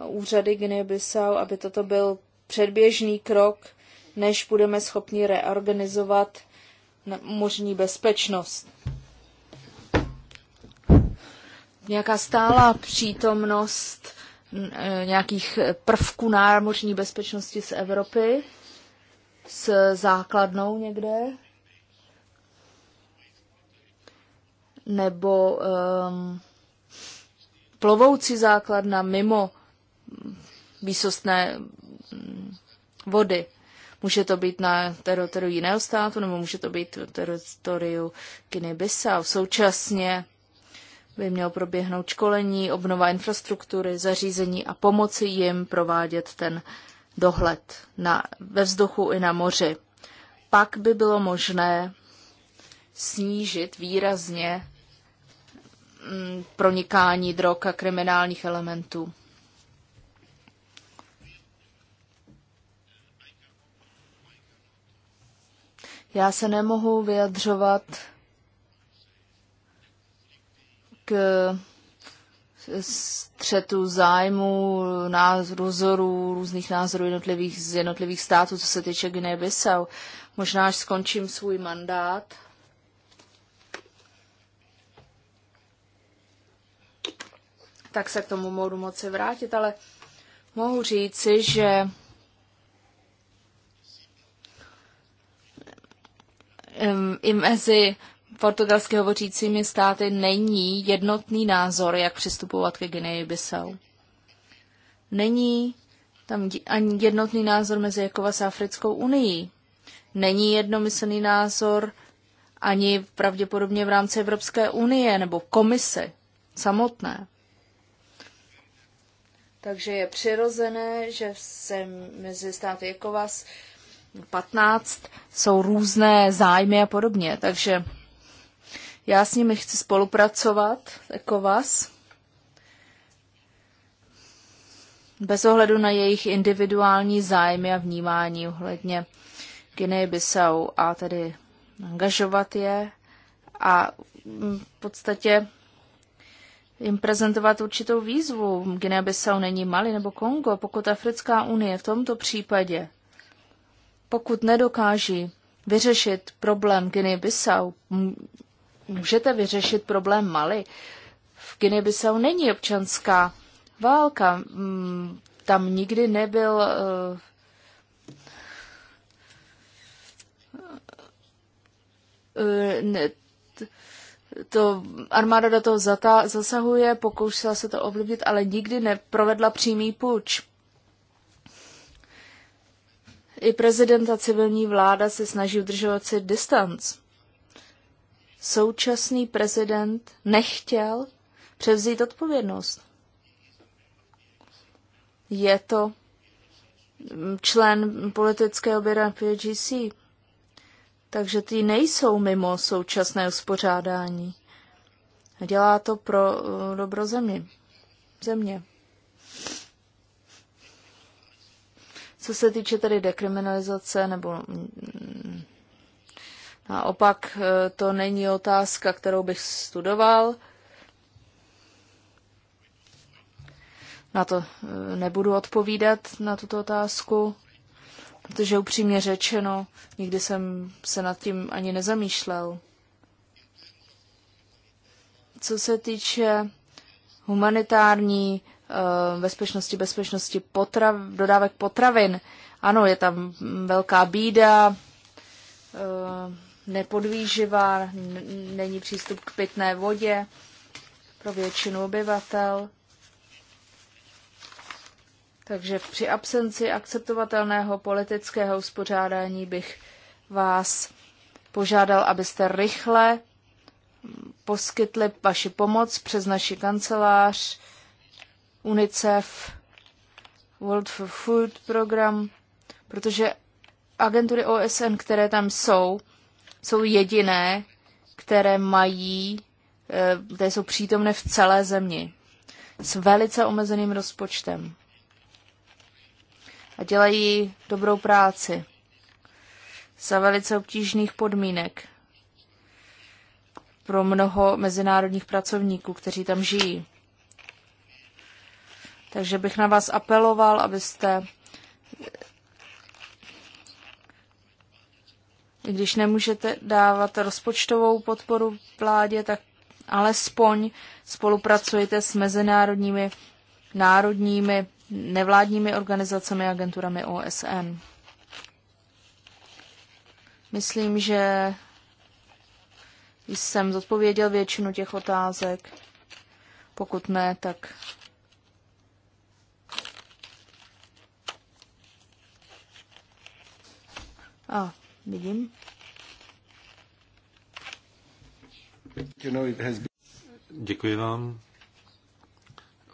úřady Guinea-Bissau, aby toto byl předběžný krok, než budeme schopni reorganizovat možní bezpečnost. Nějaká stálá přítomnost eh, nějakých prvků námořní bezpečnosti z Evropy s základnou někde, nebo um, plovoucí základna mimo výsostné vody. Může to být na teritoriu jiného státu, nebo může to být na teritoriu guinea Současně by mělo proběhnout školení, obnova infrastruktury, zařízení a pomoci jim provádět ten dohled na, ve vzduchu i na moři. Pak by bylo možné snížit výrazně Mm, pronikání drog a kriminálních elementů. Já se nemohu vyjadřovat k střetu zájmu, názorů, různých názorů jednotlivých, z jednotlivých států, co se týče Guinea-Bissau. Možná, až skončím svůj mandát, tak se k tomu mohu moci vrátit, ale mohu říci, že i mezi portugalsky hovořícími státy není jednotný názor, jak přistupovat ke Gineji Bissau. Není tam ani jednotný názor mezi Jakovas a Africkou unii. Není jednomyslný názor ani pravděpodobně v rámci Evropské unie nebo komise samotné. Takže je přirozené, že se mezi státy jako vás 15 jsou různé zájmy a podobně. Takže já s nimi chci spolupracovat jako vás. Bez ohledu na jejich individuální zájmy a vnímání ohledně Guinea Bissau a tedy angažovat je a v podstatě jim prezentovat určitou výzvu. Guinea-Bissau není Mali nebo Kongo, pokud Africká unie v tomto případě, pokud nedokáží vyřešit problém Guinea-Bissau, můžete vyřešit problém Mali. V Guinea-Bissau není občanská válka, tam nikdy nebyl eh, eh, to armáda do toho zata, zasahuje, pokoušela se to ovlivnit, ale nikdy neprovedla přímý puč. I prezident a civilní vláda se snaží udržovat si distanc. Současný prezident nechtěl převzít odpovědnost. Je to člen politického běra PGC takže ty nejsou mimo současné uspořádání. Dělá to pro eh, dobro země. země. Co se týče tedy dekriminalizace, nebo mm, naopak eh, to není otázka, kterou bych studoval. Na to eh, nebudu odpovídat, na tuto otázku. Protože upřímně řečeno, nikdy jsem se nad tím ani nezamýšlel. Co se týče humanitární eh, bezpečnosti, bezpečnosti potrav, dodávek potravin, ano, je tam velká bída, eh, nepodvýživá, není přístup k pitné vodě pro většinu obyvatel. Takže při absenci akceptovatelného politického uspořádání bych vás požádal, abyste rychle poskytli vaši pomoc přes naši kancelář, UNICEF, World for Food program, protože agentury OSN, které tam jsou, jsou jediné, které mají, eh, které jsou přítomné v celé zemi s velice omezeným rozpočtem a dělají dobrou práci za velice obtížných podmínek pro mnoho mezinárodních pracovníků, kteří tam žijí. Takže bych na vás apeloval, abyste, i když nemůžete dávat rozpočtovou podporu vládě, tak alespoň spolupracujete s mezinárodními, národními nevládními organizacemi a agenturami OSN. Myslím, že jsem zodpověděl většinu těch otázek. Pokud ne, tak A, vidím. Děkuji vám.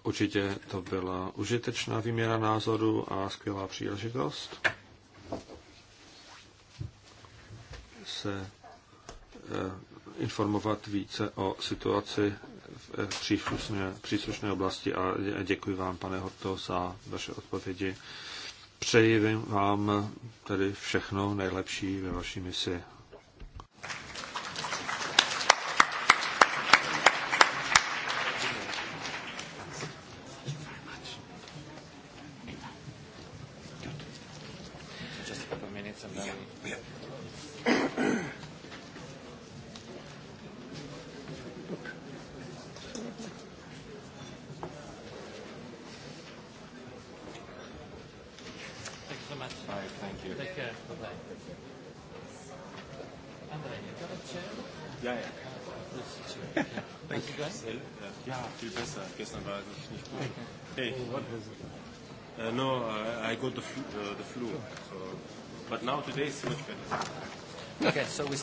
Určitě to byla užitečná výměna názoru a skvělá příležitost se eh, informovat více o situaci v eh, příslušné, příslušné oblasti a děkuji vám, pane Horto, za vaše odpovědi. Přeji vám tedy všechno nejlepší ve vaší misi.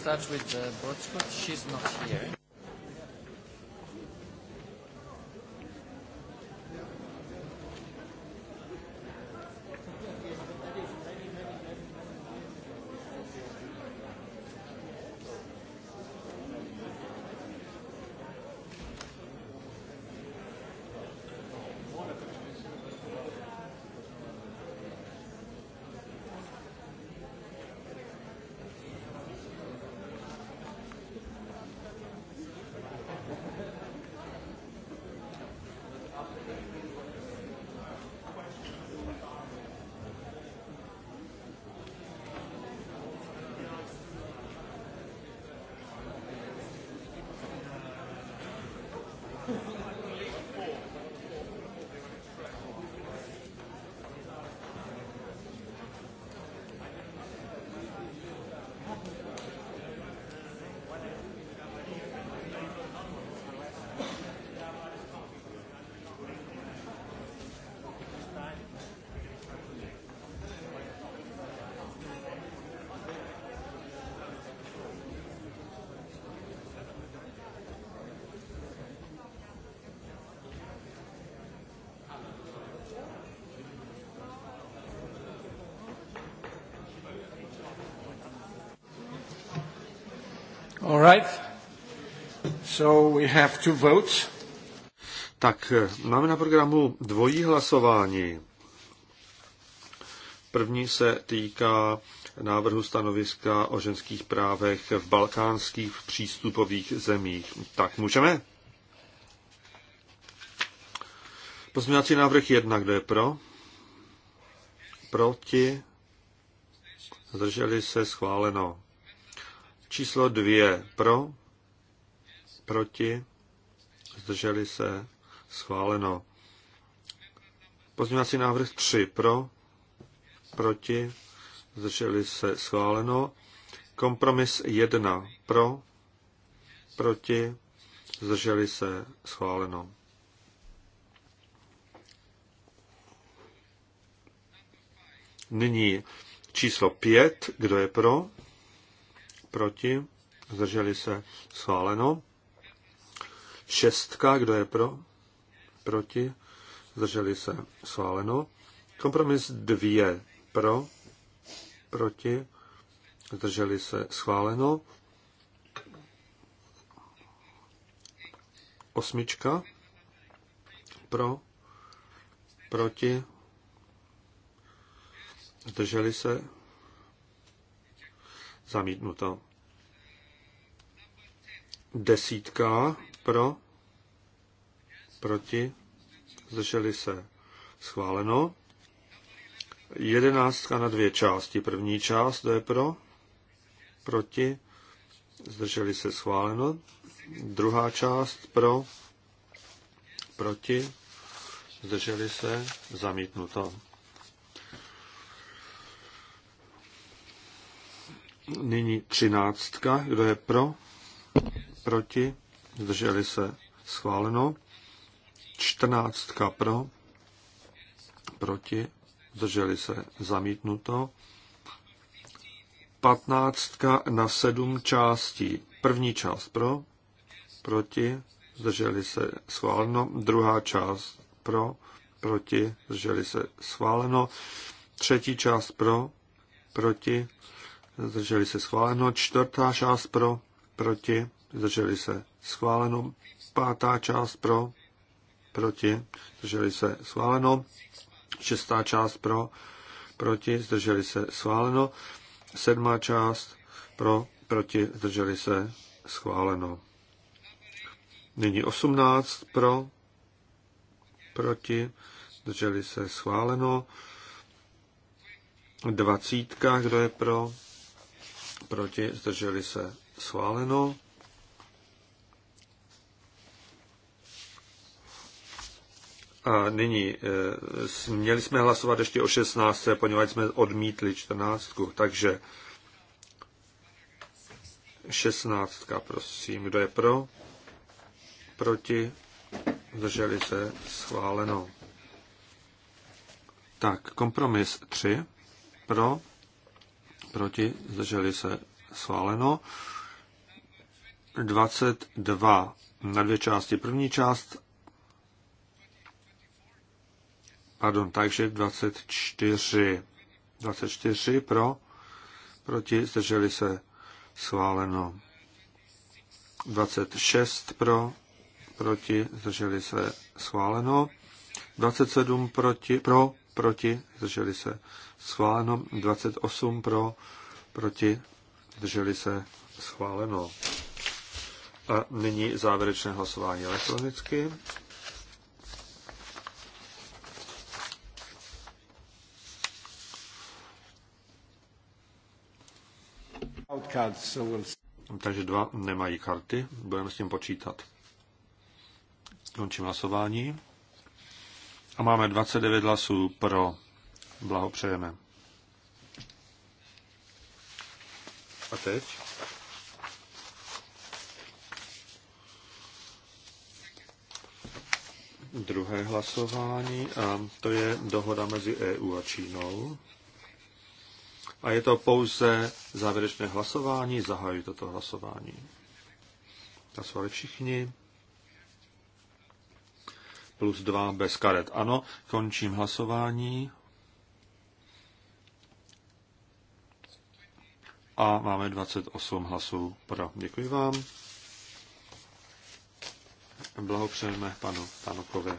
start with the uh, All right. So we have two votes. Tak, eh, máme na programu dvojí hlasování. První se týká návrhu stanoviska o ženských právech v balkánských přístupových zemích. Tak můžeme? Pozměňovací návrh jedna, kdo je pro? Proti? Zdrželi se schváleno. Číslo dvě pro, proti, zdrželi se, schváleno. Pozměňovací návrh tři pro, proti, zdrželi se, schváleno. Kompromis jedna pro, proti, zdrželi se, schváleno. Nyní číslo pět kdo je pro, proti, zdrželi se, schváleno. Šestka, kdo je pro, proti, zdrželi se, schváleno. Kompromis dvě, pro, proti, zdrželi se, schváleno. Osmička, pro, proti, zdrželi se, Zamítnuto. Desítka pro, proti, zdrželi se. Schváleno. Jedenáctka na dvě části. První část, to je pro, proti, zdrželi se. Schváleno. Druhá část pro, proti, zdrželi se. Zamítnuto. Nyní třináctka. Kdo je pro? Proti? Zdrželi se? Schváleno. Čtrnáctka pro? Proti? Zdrželi se? Zamítnuto. Patnáctka na sedm částí. První část pro? Proti? Zdrželi se? Schváleno. Druhá část pro? Proti? Zdrželi se? Schváleno. Třetí část pro? Proti? zdrželi se schváleno, čtvrtá část pro, proti, zdrželi se schváleno, pátá část pro, proti, zdrželi se schváleno, šestá část pro, proti, zdrželi se schváleno, sedmá část pro, proti, zdrželi se schváleno. Nyní 18 pro, proti, zdrželi se schváleno. Dvacítka, kdo je pro, proti, zdrželi se schváleno. A nyní e, měli jsme hlasovat ještě o 16, poněvadž jsme odmítli 14, takže 16, prosím, kdo je pro? Proti? Zdrželi se? Schváleno. Tak, kompromis 3. Pro? proti, zdrželi se schváleno. 22 na dvě části. První část, pardon, takže 24, 24 pro, proti, zdrželi se schváleno. 26 pro, proti, zdrželi se schváleno. 27 proti, pro, proti, zdrželi se schváleno, 28 pro, proti, zdrželi se schváleno. A nyní závěrečné hlasování elektronicky. Takže dva nemají karty, budeme s tím počítat. Končím hlasování. A máme 29 hlasů pro. Blahopřejeme. A teď? Druhé hlasování, a to je dohoda mezi EU a Čínou. A je to pouze závěrečné hlasování, zahajuji toto hlasování. Hlasovali všichni plus 2 bez karet. Ano, končím hlasování. A máme 28 hlasů pro. Děkuji vám. Blahopřejeme panu Tanokové.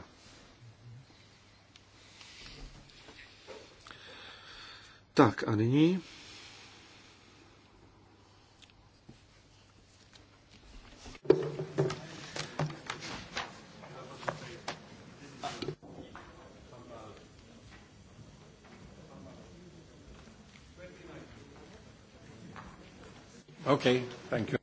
Tak a nyní Okay, thank you.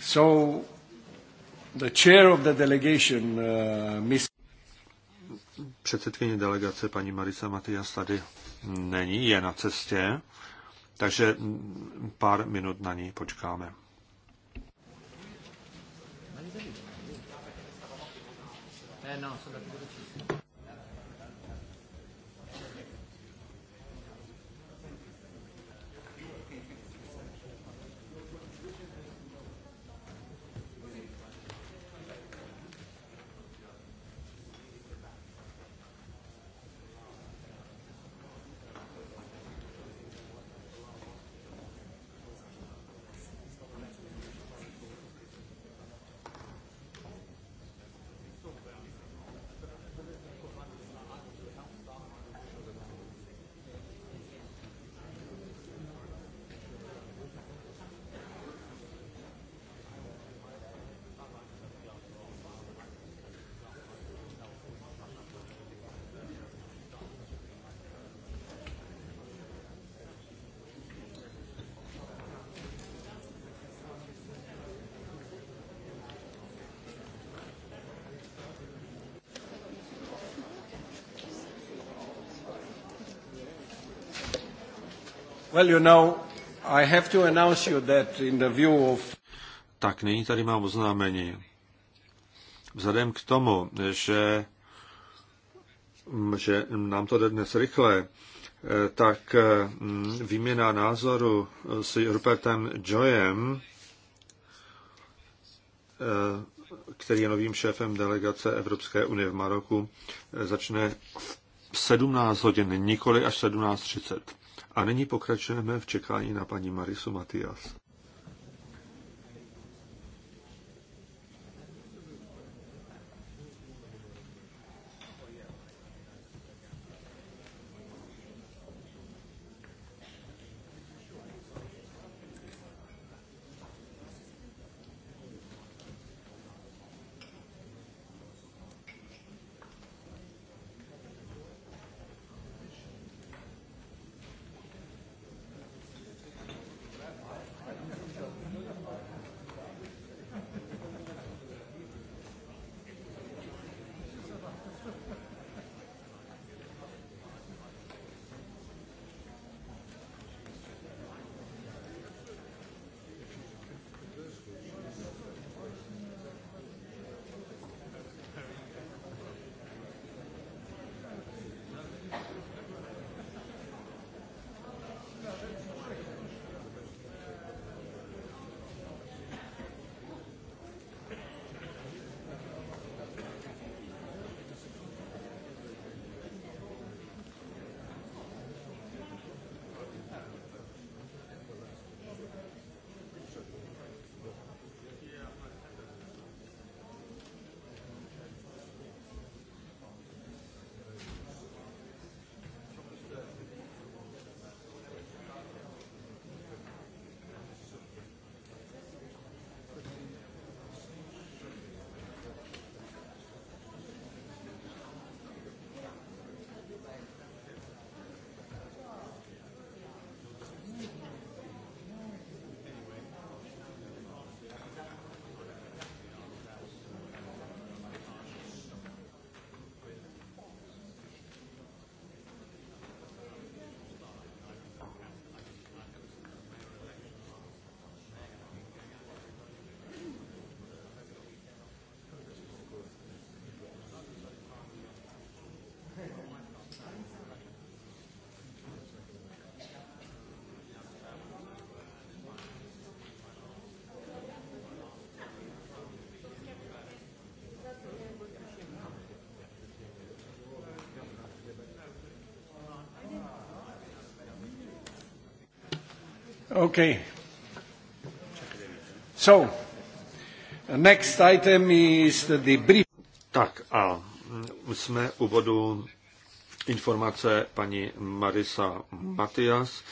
So, the chair of the delegation, uh, Ms předsedkyně delegace paní Marisa Matias tady není, je na cestě, takže pár minut na ní počkáme. Eh, no, Well, you know, I have to announce you that in the view of... Tak, nyní tady mám oznámení. Vzhledem k tomu, že, mm, že nám to jde dnes rychle, eh, tak mm, výměna názoru eh, s Rupertem Joyem, eh, který je novým šéfem delegace Evropské unie v Maroku, začne v 17 hodin, nikoli až 17.30. A nyní pokračujeme v čekání na paní Marisu Matias. Okay. So, next item is the debrief. Tak a jsme u bodu informace paní Marisa Matias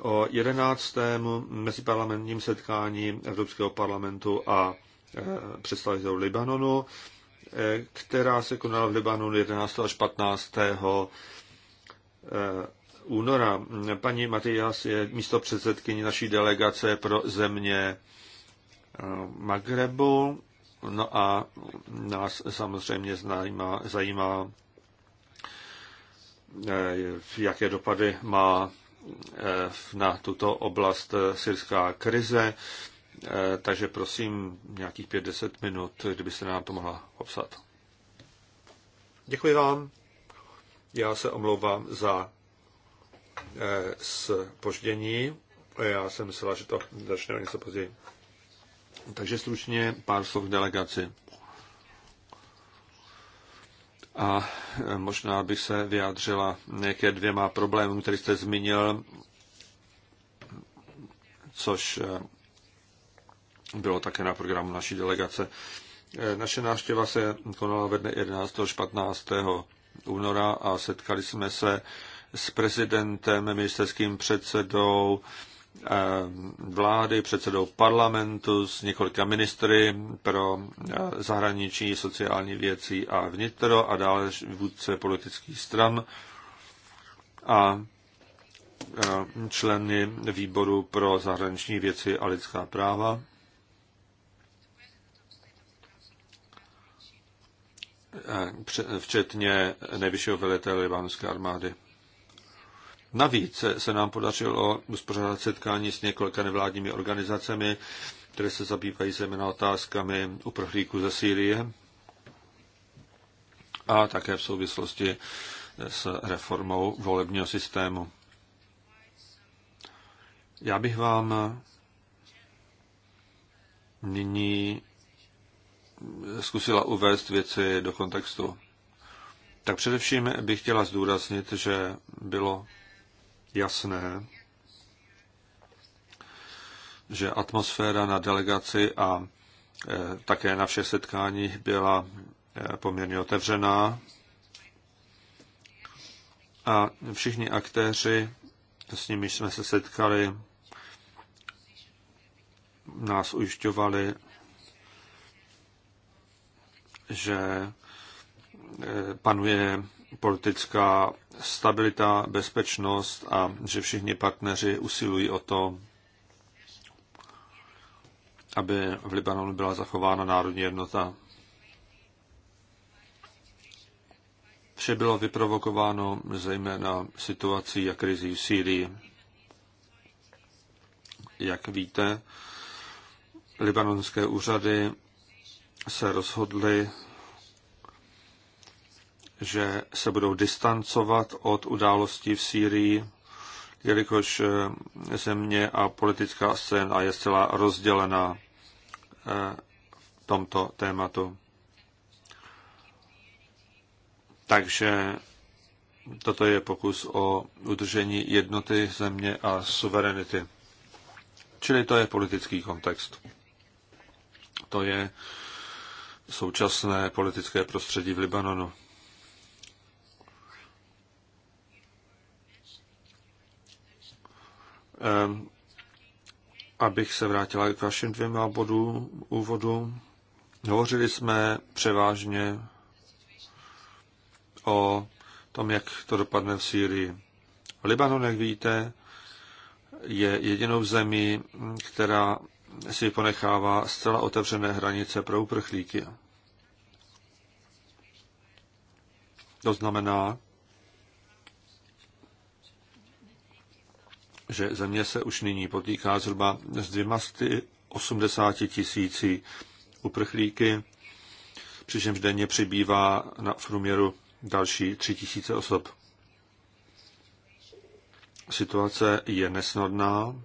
o jedenáctém meziparlamentním setkání Evropského parlamentu a e, představitelů Libanonu, e, která se konala v Libanonu 11. až 15 E, února. Paní Matias je místo předsedkyní naší delegace pro země eh, Magrebu. No a nás samozřejmě zajímá, zajímá eh, jaké dopady má eh, na tuto oblast syrská krize. Takže prosím, nějakých 5-10 minut, kdybyste nám to mohla obsat. Děkuji vám. Já se omlouvám za s poždění. Já jsem myslela, že to začne o něco později. Takže stručně pár slov k delegaci. A možná bych se vyjádřila nějaké dvěma problémům, které jste zmínil, což eh, bylo také na programu naší delegace. Eh, naše návštěva se konala ve dne 11. 15. února a setkali jsme se s prezidentem, ministerským předsedou eh, vlády, předsedou parlamentu, s několika ministry pro eh, zahraniční, sociální věcí a vnitro a dále vůdce politických stran a eh, členy výboru pro zahraniční věci a lidská práva. včetně nejvyššího velitele libanské armády. Navíc se nám podařilo uspořádat setkání s několika nevládními organizacemi, které se zabývají zejména otázkami uprchlíků ze Sýrie a také v souvislosti s reformou volebního systému. Já bych vám nyní zkusila uvést věci do kontextu. Tak především bych chtěla zdůraznit, že bylo jasné, že atmosféra na delegaci a e, také na všech setkáních byla e, poměrně otevřená a všichni aktéři, s nimi jsme se setkali, nás ujišťovali, že e, panuje politická stabilita, bezpečnost a že všichni partneři usilují o to, aby v Libanonu byla zachována národní jednota. Vše bylo vyprovokováno zejména situací a krizí v Sýrii. Jak víte, libanonské úřady se rozhodly že se budou distancovat od událostí v Sýrii, jelikož eh, země a politická scéna je zcela rozdělená eh, v tomto tématu. Takže toto je pokus o udržení jednoty země a suverenity. Čili to je politický kontext. To je současné politické prostředí v Libanonu. Ehm, abych se vrátila k vašim dvěma bodům úvodu. Hovořili jsme převážně o tom, jak to dopadne v Sýrii. Libanon, jak víte, je jedinou zemí, která si ponechává zcela otevřené hranice pro uprchlíky. To znamená, že země se už nyní potýká zhruba s 280 tisíci uprchlíky, přičemž denně přibývá na průměru další 3 tisíce osob. Situace je nesnadná,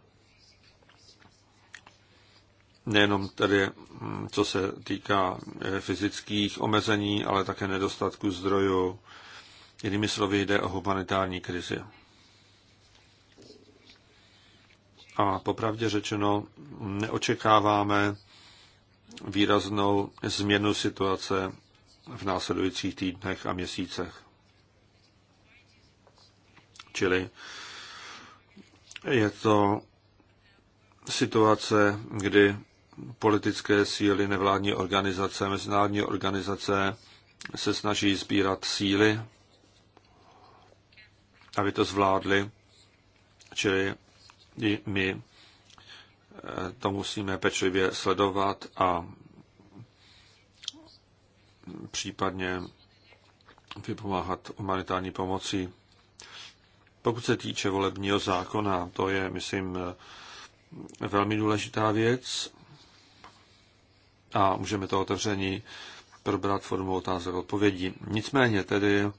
nejenom tedy, hm, co se týká eh, fyzických omezení, ale také nedostatku zdrojů. Jinými slovy jde o humanitární krizi. A popravdě řečeno, neočekáváme výraznou změnu situace v následujících týdnech a měsících. Čili je to situace, kdy politické síly, nevládní organizace, mezinárodní organizace se snaží sbírat síly, aby to zvládli. Čili i my eh, to musíme pečlivě sledovat a případně vypomáhat humanitární pomoci. Pokud se týče volebního zákona, to je, myslím, eh, velmi důležitá věc a můžeme to otevření probrat formou otázek odpovědí. Nicméně tedy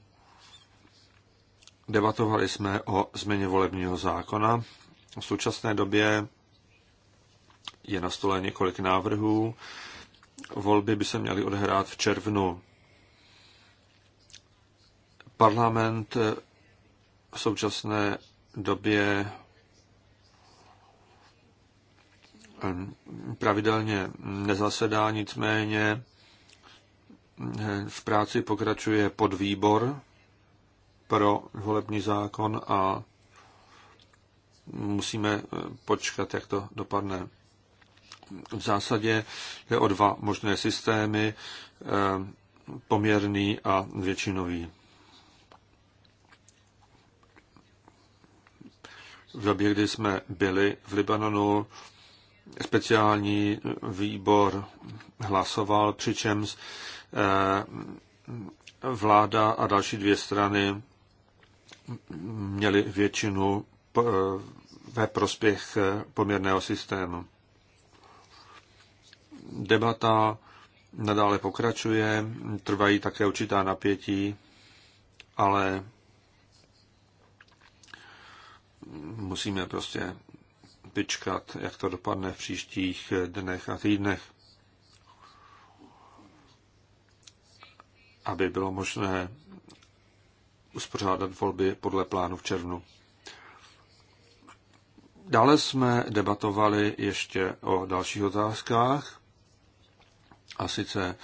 debatovali jsme o změně volebního zákona v současné době je na stole několik návrhů. Volby by se měly odehrát v červnu. Parlament v současné době ehm, pravidelně nezasedá, nicméně ehm, v práci pokračuje podvýbor pro volební zákon a musíme eh, počkat, jak to dopadne. V zásadě je o dva možné systémy, eh, poměrný a většinový. V době, kdy jsme byli v Libanonu, speciální výbor hlasoval, přičemž eh, vláda a další dvě strany měly většinu Eh, ve prospěch eh, poměrného systému. Debata nadále pokračuje, trvají také určitá napětí, ale musíme prostě vyčkat, jak to dopadne v příštích eh, dnech a týdnech. aby bylo možné uspořádat volby podle plánu v červnu. Dále jsme debatovali ještě o dalších otázkách, a sice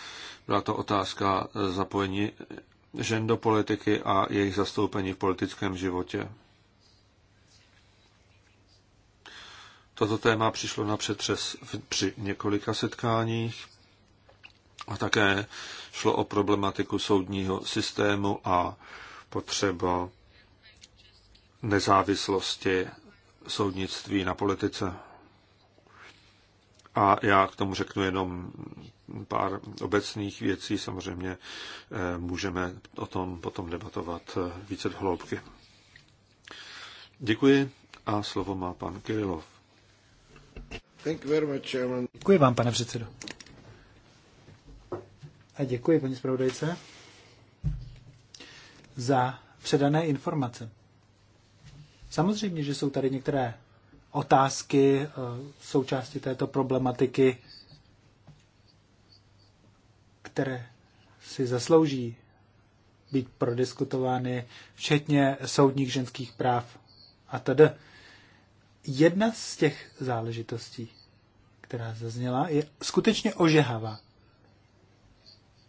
byla to otázka zapojení žen do politiky a jejich zastoupení v politickém životě. Toto téma přišlo na přetřes při několika setkáních a také šlo o problematiku soudního systému a potřeba nezávislosti soudnictví na politice. A já k tomu řeknu jenom pár obecných věcí. Samozřejmě eh, můžeme o tom potom debatovat eh, více do hloubky. Děkuji a slovo má pan Kirilov. Děkuji vám, pane předsedo. A děkuji, paní zpravodajce, za předané informace. Samozřejmě, že jsou tady některé otázky eh, součásti této problematiky, které si zaslouží být prodiskutovány, včetně soudních ženských práv a tedy. Jedna z těch záležitostí, která zazněla, je skutečně ožehavá.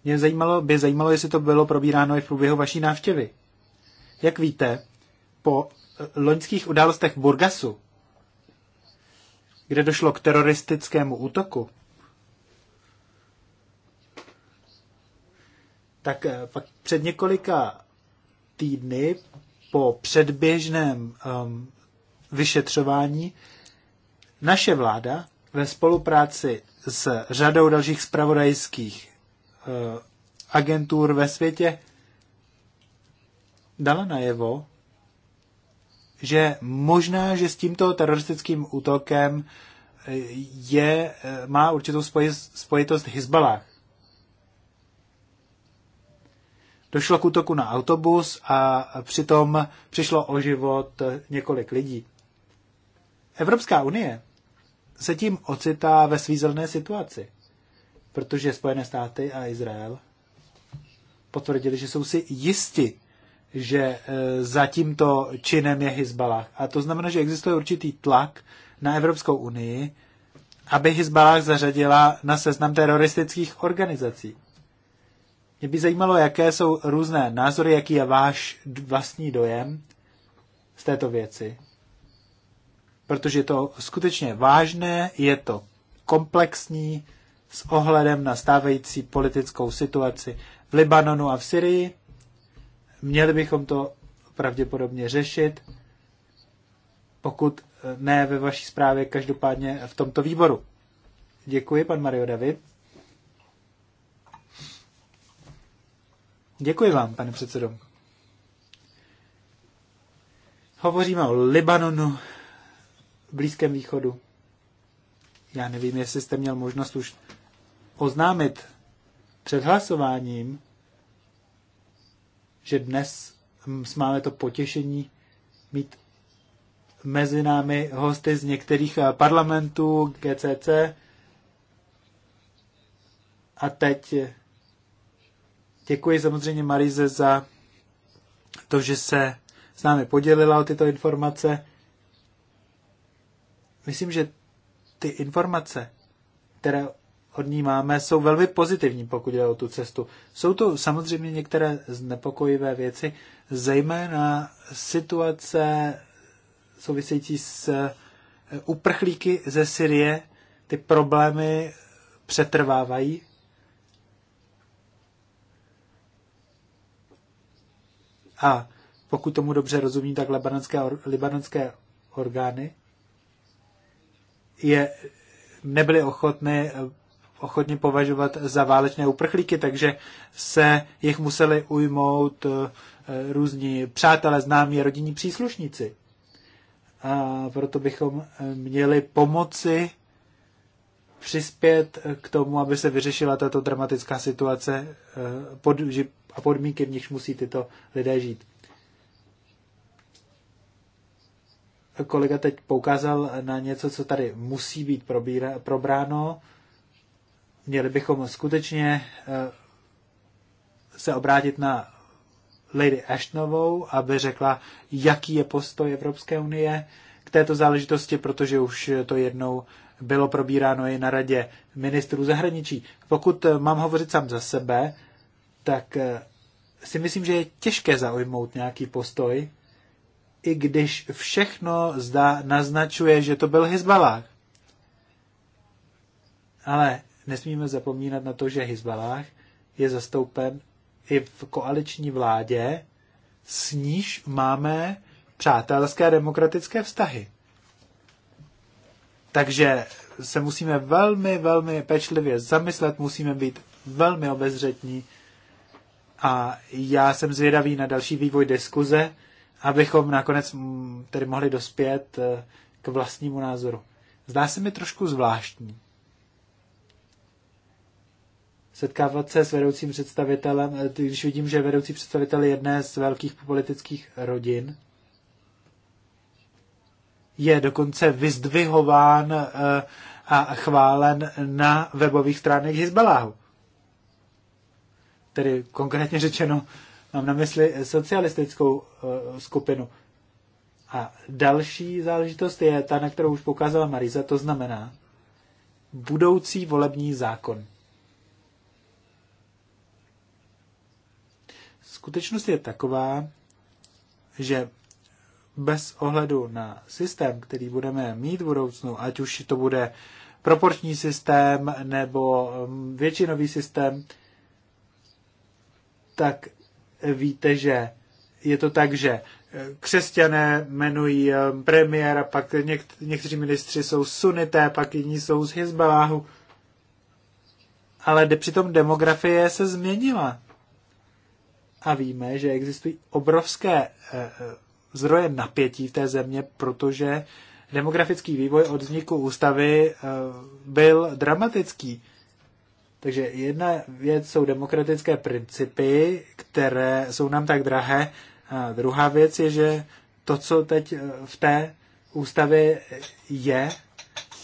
Mě zajímalo, by zajímalo, jestli to bylo probíráno i v průběhu vaší návštěvy. Jak víte, po loňských událostech Burgasu, kde došlo k teroristickému útoku, tak eh, pak před několika týdny po předběžném um, vyšetřování naše vláda ve spolupráci s řadou dalších spravodajských uh, eh, agentur ve světě dala najevo, že možná, že s tímto teroristickým útokem eh, je, eh, má určitou spojitost Hezbalah. Došlo k útoku na autobus a přitom přišlo o život několik lidí. Evropská unie se tím ocitá ve svízelné situaci, protože Spojené státy a Izrael potvrdili, že jsou si jisti že e, za tímto činem je Hezbalah. A to znamená, že existuje určitý tlak na Evropskou unii, aby Hezbalah zařadila na seznam teroristických organizací. Mě by zajímalo, jaké jsou různé názory, jaký je váš vlastní dojem z této věci. Protože je to skutečně vážné, je to komplexní s ohledem na stávající politickou situaci v Libanonu a v Syrii Měli bychom to pravděpodobně řešit, pokud eh, ne ve vaší zprávě, každopádně v tomto výboru. Děkuji, pan Mario David. Děkuji vám, pane předsedo. Hovoříme o Libanonu, Blízkém východu. Já nevím, jestli jste měl možnost už oznámit před hlasováním že dnes máme to potěšení mít mezi námi hosty z některých eh, parlamentů GCC. A teď eh, děkuji samozřejmě Marize za to, že se s námi podělila o tyto informace. Myslím, že ty informace, které od ní máme, jsou velmi pozitivní, pokud jde o tu cestu. Jsou to samozřejmě některé znepokojivé věci, zejména situace související s eh, uprchlíky ze Syrie. Ty problémy přetrvávají. A pokud tomu dobře rozumí, tak libanonské, libanonské orgány je, nebyly ochotny ochotni považovat za válečné uprchlíky, takže se jich museli ujmout eh, různí přátelé, známí, rodinní příslušníci. A proto bychom eh, měli pomoci přispět eh, k tomu, aby se vyřešila tato dramatická situace a podmínky, v nichž musí tyto lidé žít. Kolega teď poukázal na něco, co tady musí být probíra, probráno, Měli bychom skutečně eh, se obrátit na Lady Ashtonovou, aby řekla, jaký je postoj Evropské unie k této záležitosti, protože už to jednou bylo probíráno i na radě ministrů zahraničí. Pokud eh, mám hovořit sám za sebe, tak eh, si myslím, že je těžké zaujmout nějaký postoj, i když všechno zda naznačuje, že to byl Hezbalák. Ale nesmíme zapomínat na to, že Hezbalah je zastoupen i v koaliční vládě, s níž máme přátelské demokratické vztahy. Takže se musíme velmi, velmi pečlivě zamyslet, musíme být velmi obezřetní a já jsem zvědavý na další vývoj diskuze, abychom nakonec mm, tedy mohli dospět eh, k vlastnímu názoru. Zdá se mi trošku zvláštní, setkávat se s vedoucím představitelem, eh, když vidím, že vedoucí představitel jedné z velkých politických rodin je dokonce vyzdvihován eh, a chválen na webových stránkách Hezbaláhu. Tedy konkrétně řečeno, mám na mysli socialistickou eh, skupinu. A další záležitost je ta, na kterou už pokázala Mariza, to znamená budoucí volební zákon. Skutečnost je taková, že bez ohledu na systém, který budeme mít v budoucnu, ať už to bude proporční systém nebo um, většinový systém, tak víte, že je to tak, že eh, křesťané jmenují um, premiéra, pak něk- někteří ministři jsou sunité, pak jiní jsou z Hezbaláhu. Ale de- přitom demografie se změnila a víme, že existují obrovské eh, eh, zdroje napětí v té země, protože demografický vývoj od vzniku ústavy eh, byl dramatický. Takže jedna věc jsou demokratické principy, které jsou nám tak drahé. A druhá věc je, že to, co teď v té ústavě je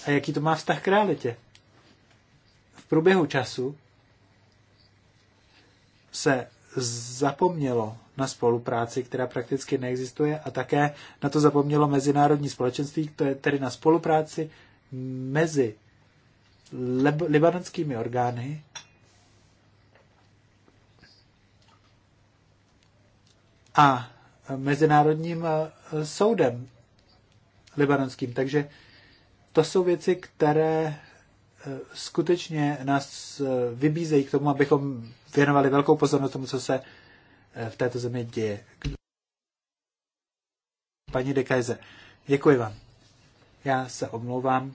a jaký to má vztah k realitě. V průběhu času se zapomnělo na spolupráci, která prakticky neexistuje, a také na to zapomnělo mezinárodní společenství, to je tedy na spolupráci mezi libanonskými orgány a mezinárodním eh, soudem libanonským. Takže to jsou věci, které eh, skutečně nás eh, vybízejí k tomu, abychom věnovali velkou pozornost tomu, co se eh, v této zemi děje. Paní de Kaiser, děkuji vám. Já se omlouvám,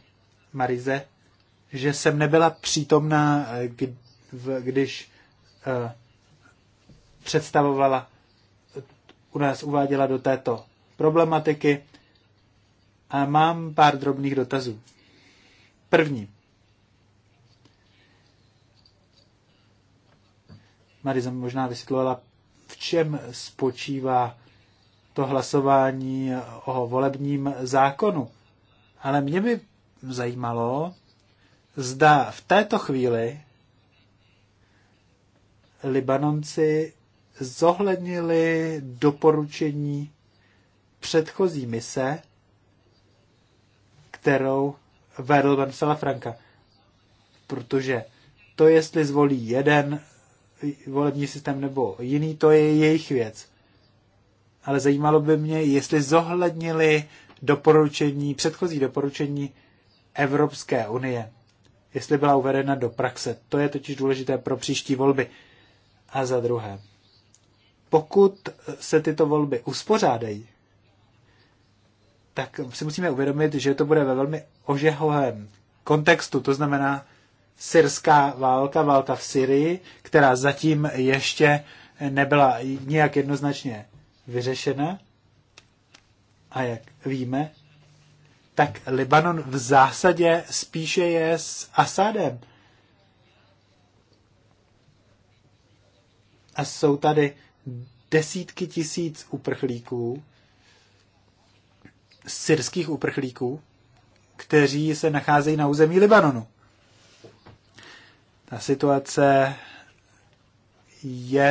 Marize, že jsem nebyla přítomná, eh, když eh, představovala, u nás uváděla do této problematiky. A mám pár drobných dotazů. První. Marisa možná vysvětlovala, v čem spočívá to hlasování o volebním zákonu. Ale mě by zajímalo, zda v této chvíli Libanonci zohlednili doporučení předchozí mise, kterou vedl Vencela Franka. Protože to, jestli zvolí jeden volební systém nebo jiný, to je jejich věc. Ale zajímalo by mě, jestli zohlednili doporučení, předchozí doporučení Evropské unie, jestli byla uvedena do praxe. To je totiž důležité pro příští volby. A za druhé, pokud se tyto volby uspořádají, tak si musíme uvědomit, že to bude ve velmi ožehovém kontextu, to znamená, syrská válka, válka v Syrii, která zatím ještě nebyla nijak jednoznačně vyřešena. A jak víme, tak Libanon v zásadě spíše je s Asadem. A jsou tady desítky tisíc uprchlíků, syrských uprchlíků, kteří se nacházejí na území Libanonu. Ta situace je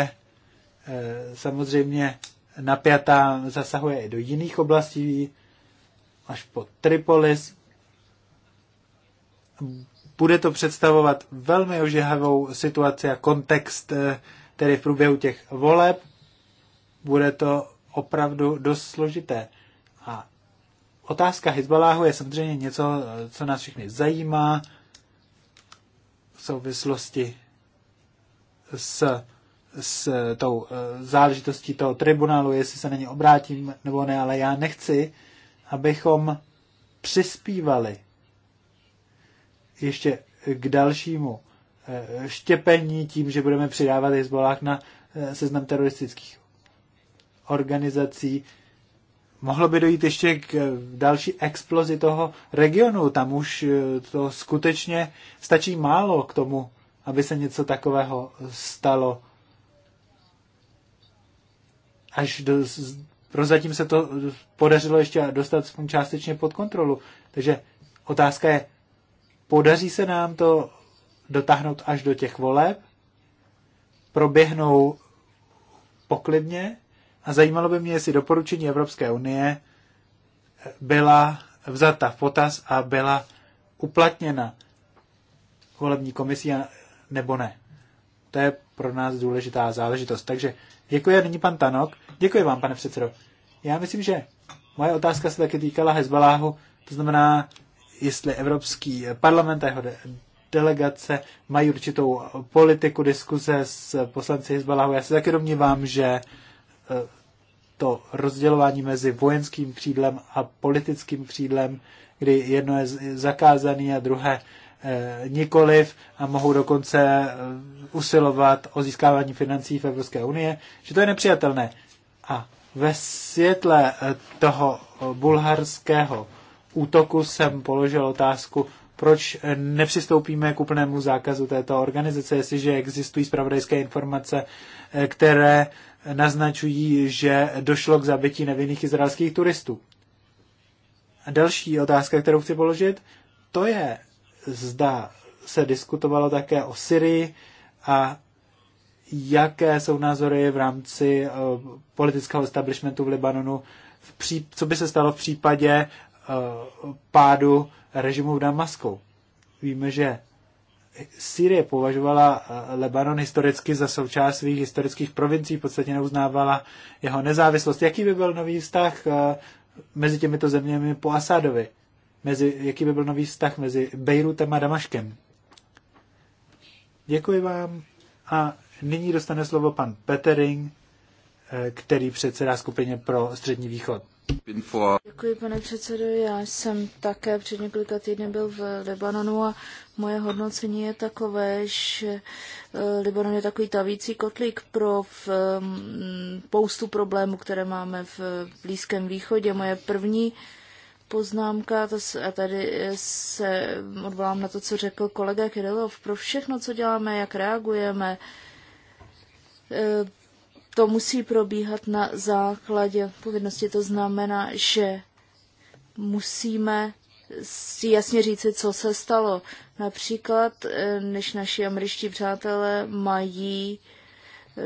eh, samozřejmě napjatá, zasahuje i do jiných oblastí, až po Tripolis. Bude to představovat velmi ožehavou situaci a kontext eh, tedy v průběhu těch voleb. Bude to opravdu dost složité. A otázka Hezbaláhu je samozřejmě něco, eh, co nás všechny zajímá, souvislosti s, s tou eh, záležitostí toho tribunálu, jestli se na ně obrátím nebo ne, ale já nechci, abychom přispívali ještě k dalšímu eh, štěpení tím, že budeme přidávat Hezbollah na eh, seznam teroristických organizací, mohlo by dojít ještě k další explozi toho regionu. Tam už eh, to skutečně stačí málo k tomu, aby se něco takového stalo. Až do, prozatím se to podařilo ještě dostat částečně pod kontrolu. Takže otázka je, podaří se nám to dotáhnout až do těch voleb? Proběhnou poklidně? A zajímalo by mě, jestli doporučení Evropské unie byla vzata v potaz a byla uplatněna volební komisí nebo ne. To je pro nás důležitá záležitost. Takže děkuji a nyní pan Tanok. Děkuji vám, pane předsedo. Já myslím, že moje otázka se taky týkala Hezbaláhu, to znamená, jestli Evropský parlament a jeho de delegace mají určitou politiku diskuze s poslanci Hezbaláhu. Já se taky domnívám, že Eh, to rozdělování mezi vojenským křídlem a politickým křídlem, kdy jedno je zakázané a druhé eh, nikoliv a mohou dokonce eh, usilovat o získávání financí v Evropské unie, že to je nepřijatelné. A ve světle toho bulharského útoku jsem položil otázku, proč nepřistoupíme k úplnému zákazu této organizace, jestliže existují spravodajské informace, které naznačují, že došlo k zabití nevinných izraelských turistů. A další otázka, kterou chci položit, to je, zda se diskutovalo také o Syrii a jaké jsou názory v rámci eh, politického establishmentu v Libanonu, v pří, co by se stalo v případě eh, pádu režimu v Damasku. Víme, že Syrie považovala eh, Lebanon historicky za součást svých historických provincií, v podstatě neuznávala jeho nezávislost. Jaký by byl nový vztah eh, mezi těmito zeměmi po Asádovi? Mezi, jaký by byl nový vztah mezi Bejrutem a Damaškem? Děkuji vám a nyní dostane slovo pan Petering, eh, který předsedá skupině pro Střední východ. Děkuji, pane předsedo. Já jsem také před několika týdny byl v Libanonu a moje hodnocení je takové, že eh, Libanon je takový tavící kotlík pro v, mm, poustu problémů, které máme v Blízkém východě. Moje první poznámka, to se, a tady eh, se odvolám na to, co řekl kolega Kirilov, pro všechno, co děláme, jak reagujeme, eh, to musí probíhat na základě odpovědnosti. To znamená, že musíme si jasně říci, co se stalo. Například, eh, než naši američtí přátelé mají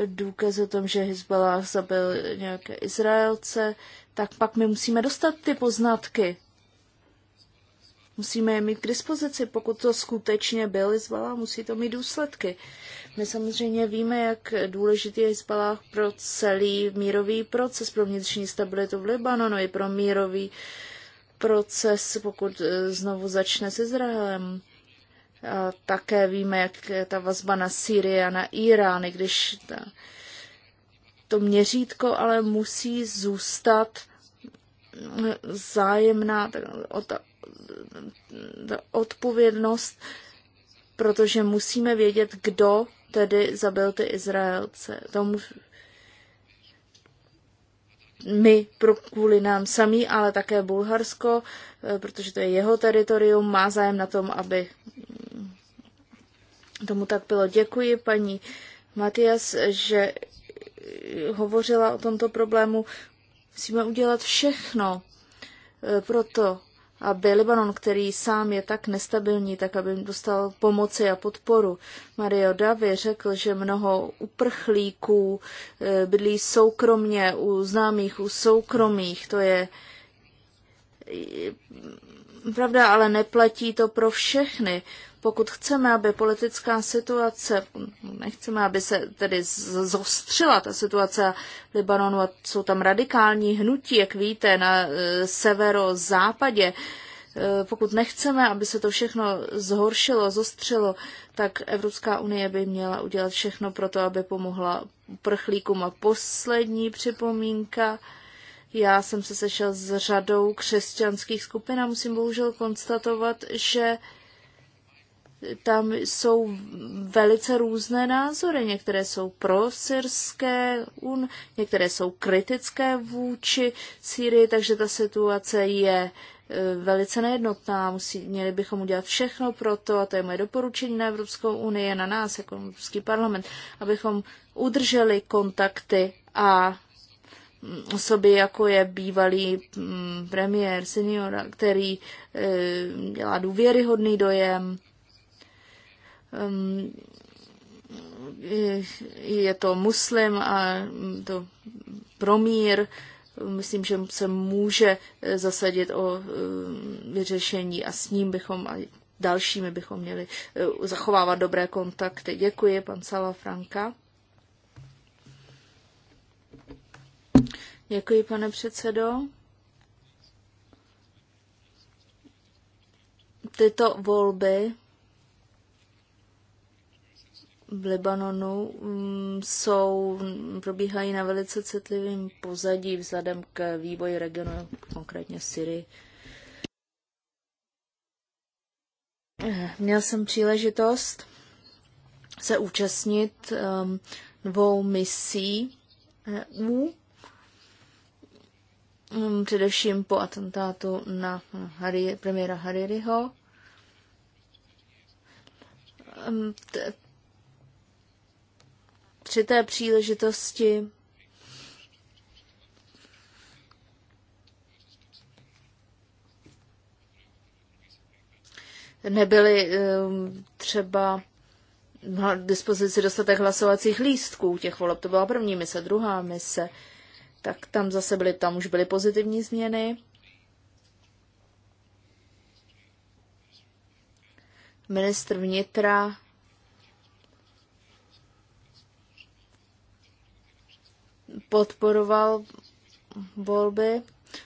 důkaz o tom, že Hezbollah zabil nějaké Izraelce, tak pak my musíme dostat ty poznatky. Musíme je mít k dispozici. Pokud to skutečně byl Hezbollah, musí to mít důsledky. My samozřejmě víme, jak důležitý je Hezbalah pro celý mírový proces, pro vnitřní stabilitu v Libanonu i pro mírový proces, pokud e, znovu začne s Izraelem. A také víme, jak je ta vazba na Sýrii a na Irán, i když ta, to měřítko ale musí zůstat e, zájemná ta, ta odpovědnost, protože musíme vědět, kdo tedy zabil ty Izraelce. Tomu my pro kvůli nám samý, ale také Bulharsko, eh, protože to je jeho teritorium, má zájem na tom, aby tomu tak bylo. Děkuji paní Matias, že hovořila o tomto problému. Musíme udělat všechno eh, pro to aby Libanon, který sám je tak nestabilní, tak aby dostal pomoci a podporu. Mario Davy řekl, že mnoho uprchlíků e, bydlí soukromně u známých, u soukromých. To je e, pravda, ale neplatí to pro všechny pokud chceme, aby politická situace, nechceme, aby se tedy zostřila ta situace Libanonu, a jsou tam radikální hnutí, jak víte, na e, severozápadě. E, pokud nechceme, aby se to všechno zhoršilo, zostřilo, tak Evropská unie by měla udělat všechno pro to, aby pomohla prchlíkům. A poslední připomínka, já jsem se sešel s řadou křesťanských skupin a musím bohužel konstatovat, že tam jsou velice různé názory. Některé jsou prosyrské, un, některé jsou kritické vůči Sýrii, takže ta situace je e, velice nejednotná. Musí, měli bychom udělat všechno pro to, a to je moje doporučení na Evropskou unii, na nás, jako Evropský parlament, abychom udrželi kontakty a mm, osoby, jako je bývalý mm, premiér, senior, který e, dělá důvěryhodný dojem, Ehm, je to muslim a to promír, myslím, že se může eh, zasadit o ehm, vyřešení a s ním bychom a dalšími bychom měli eh, zachovávat dobré kontakty. Děkuji, pan Sala Franka. Děkuji, pane předsedo. Tyto volby v Libanonu mm, jsou, probíhají na velice citlivém pozadí vzhledem k vývoji regionu, konkrétně Syrii. Měl jsem příležitost se účastnit ehm, dvou misí EU, ehm, především po atentátu na Harry, premiéra Haririho. Ehm, při té příležitosti nebyly um, třeba na dispozici dostatek hlasovacích lístků těch voleb. To byla první mise, druhá mise. Tak tam zase byly, tam už byly pozitivní změny. Ministr vnitra podporoval volby.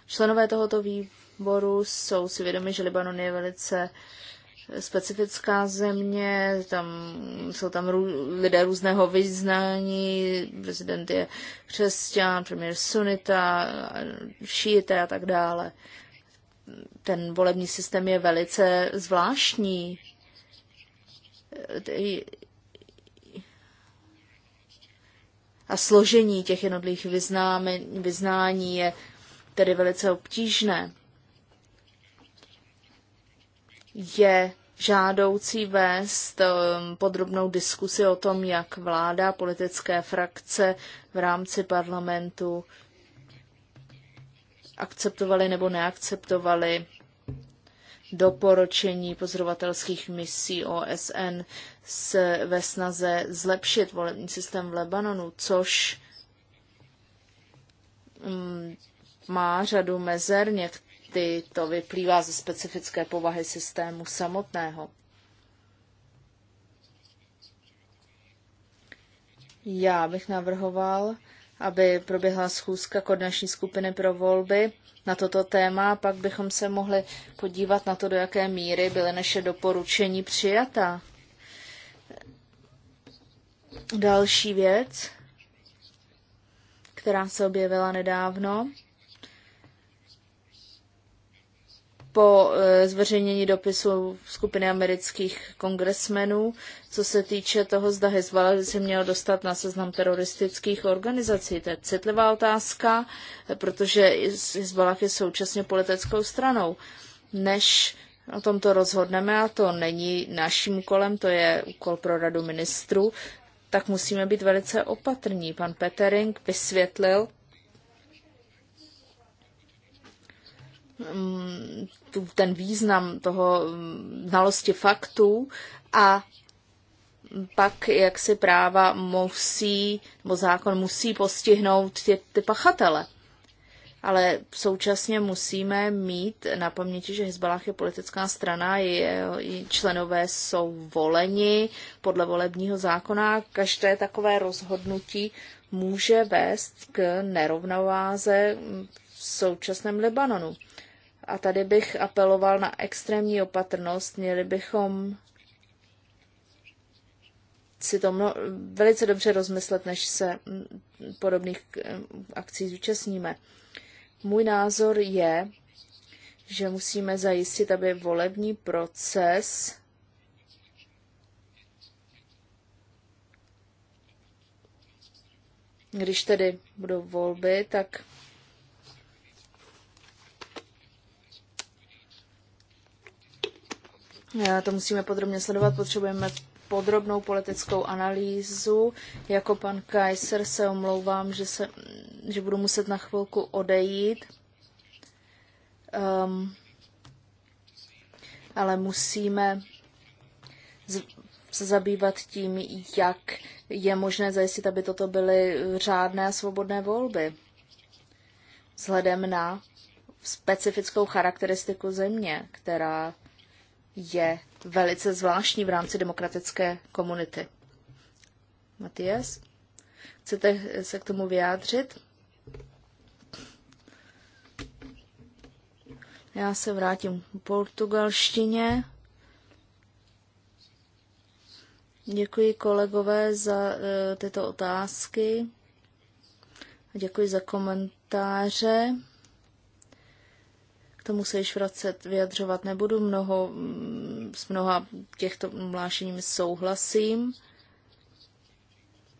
Členové tohoto výboru jsou si vědomi, že Libanon je velice specifická země, tam, jsou tam rů, lidé různého vyznání, prezident je křesťan, premiér sunita, šíte a tak dále. Ten volební systém je velice zvláštní. a složení těch jednotlivých vyznání je tedy velice obtížné. Je žádoucí vést um, podrobnou diskusi o tom, jak vláda, politické frakce v rámci parlamentu akceptovali nebo neakceptovali doporučení pozorovatelských misí OSN s, ve snaze zlepšit volební systém v Lebanonu, což mm, má řadu mezer, někdy to vyplývá ze specifické povahy systému samotného. Já bych navrhoval, aby proběhla schůzka koordinační skupiny pro volby na toto téma, pak bychom se mohli podívat na to, do jaké míry byly naše doporučení přijata. Další věc, která se objevila nedávno, po e, zveřejnění dopisu skupiny amerických kongresmenů, co se týče toho, zda Hezbollah by se měl dostat na seznam teroristických organizací. To je citlivá otázka, protože Hezbollah je současně politickou stranou. Než o tomto rozhodneme, a to není naším úkolem, to je úkol pro radu ministrů, tak musíme být velice opatrní. Pan Petering vysvětlil, Mm, tu, ten význam toho mm, znalosti faktů a pak jak si práva musí, nebo zákon musí postihnout ty, ty pachatele. Ale současně musíme mít na paměti, že Hezbalách je politická strana, je, je, členové jsou voleni podle volebního zákona. Každé takové rozhodnutí může vést k nerovnováze v současném Libanonu. A tady bych apeloval na extrémní opatrnost. Měli bychom si to mno, velice dobře rozmyslet, než se podobných akcí zúčastníme. Můj názor je, že musíme zajistit, aby volební proces když tedy budou volby, tak Eh, to musíme podrobně sledovat, potřebujeme podrobnou politickou analýzu. Jako pan Kaiser se omlouvám, že, se, že budu muset na chvilku odejít. Um, ale musíme z, se zabývat tím, jak je možné zajistit, aby toto byly řádné a svobodné volby. Vzhledem na specifickou charakteristiku země, která je velice zvláštní v rámci demokratické komunity. Matias, chcete se k tomu vyjádřit? Já se vrátím k portugalštině. Děkuji kolegové za uh, tyto otázky. Děkuji za komentáře. K tomu se již vracet vyjadřovat nebudu. Mnoho, mm, s mnoha těchto mlášením souhlasím.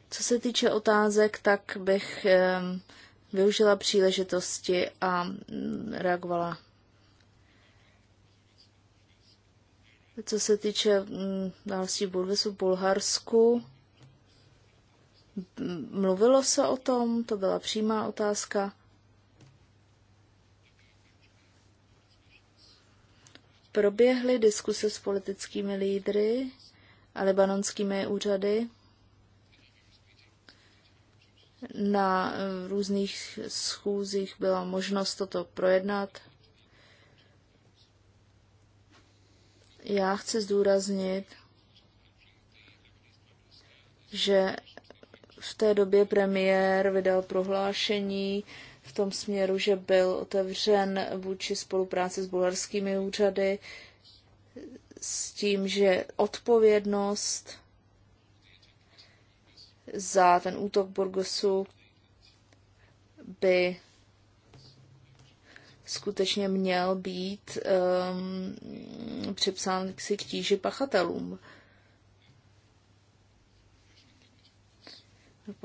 Co se týče otázek, tak bych využila příležitosti a mm, reagovala. Co se týče mm, další Bulvisu v Bulharsku, mluvilo se o tom, to byla přímá otázka. proběhly diskuse s politickými lídry a libanonskými úřady na eh, různých schůzích byla možnost toto projednat. Já chci zdůraznit, že v té době premiér vydal prohlášení, v tom směru, že byl otevřen vůči spolupráci s bulharskými úřady s tím, že odpovědnost za ten útok Burgosu by skutečně měl být um, připsán si k tíži pachatelům.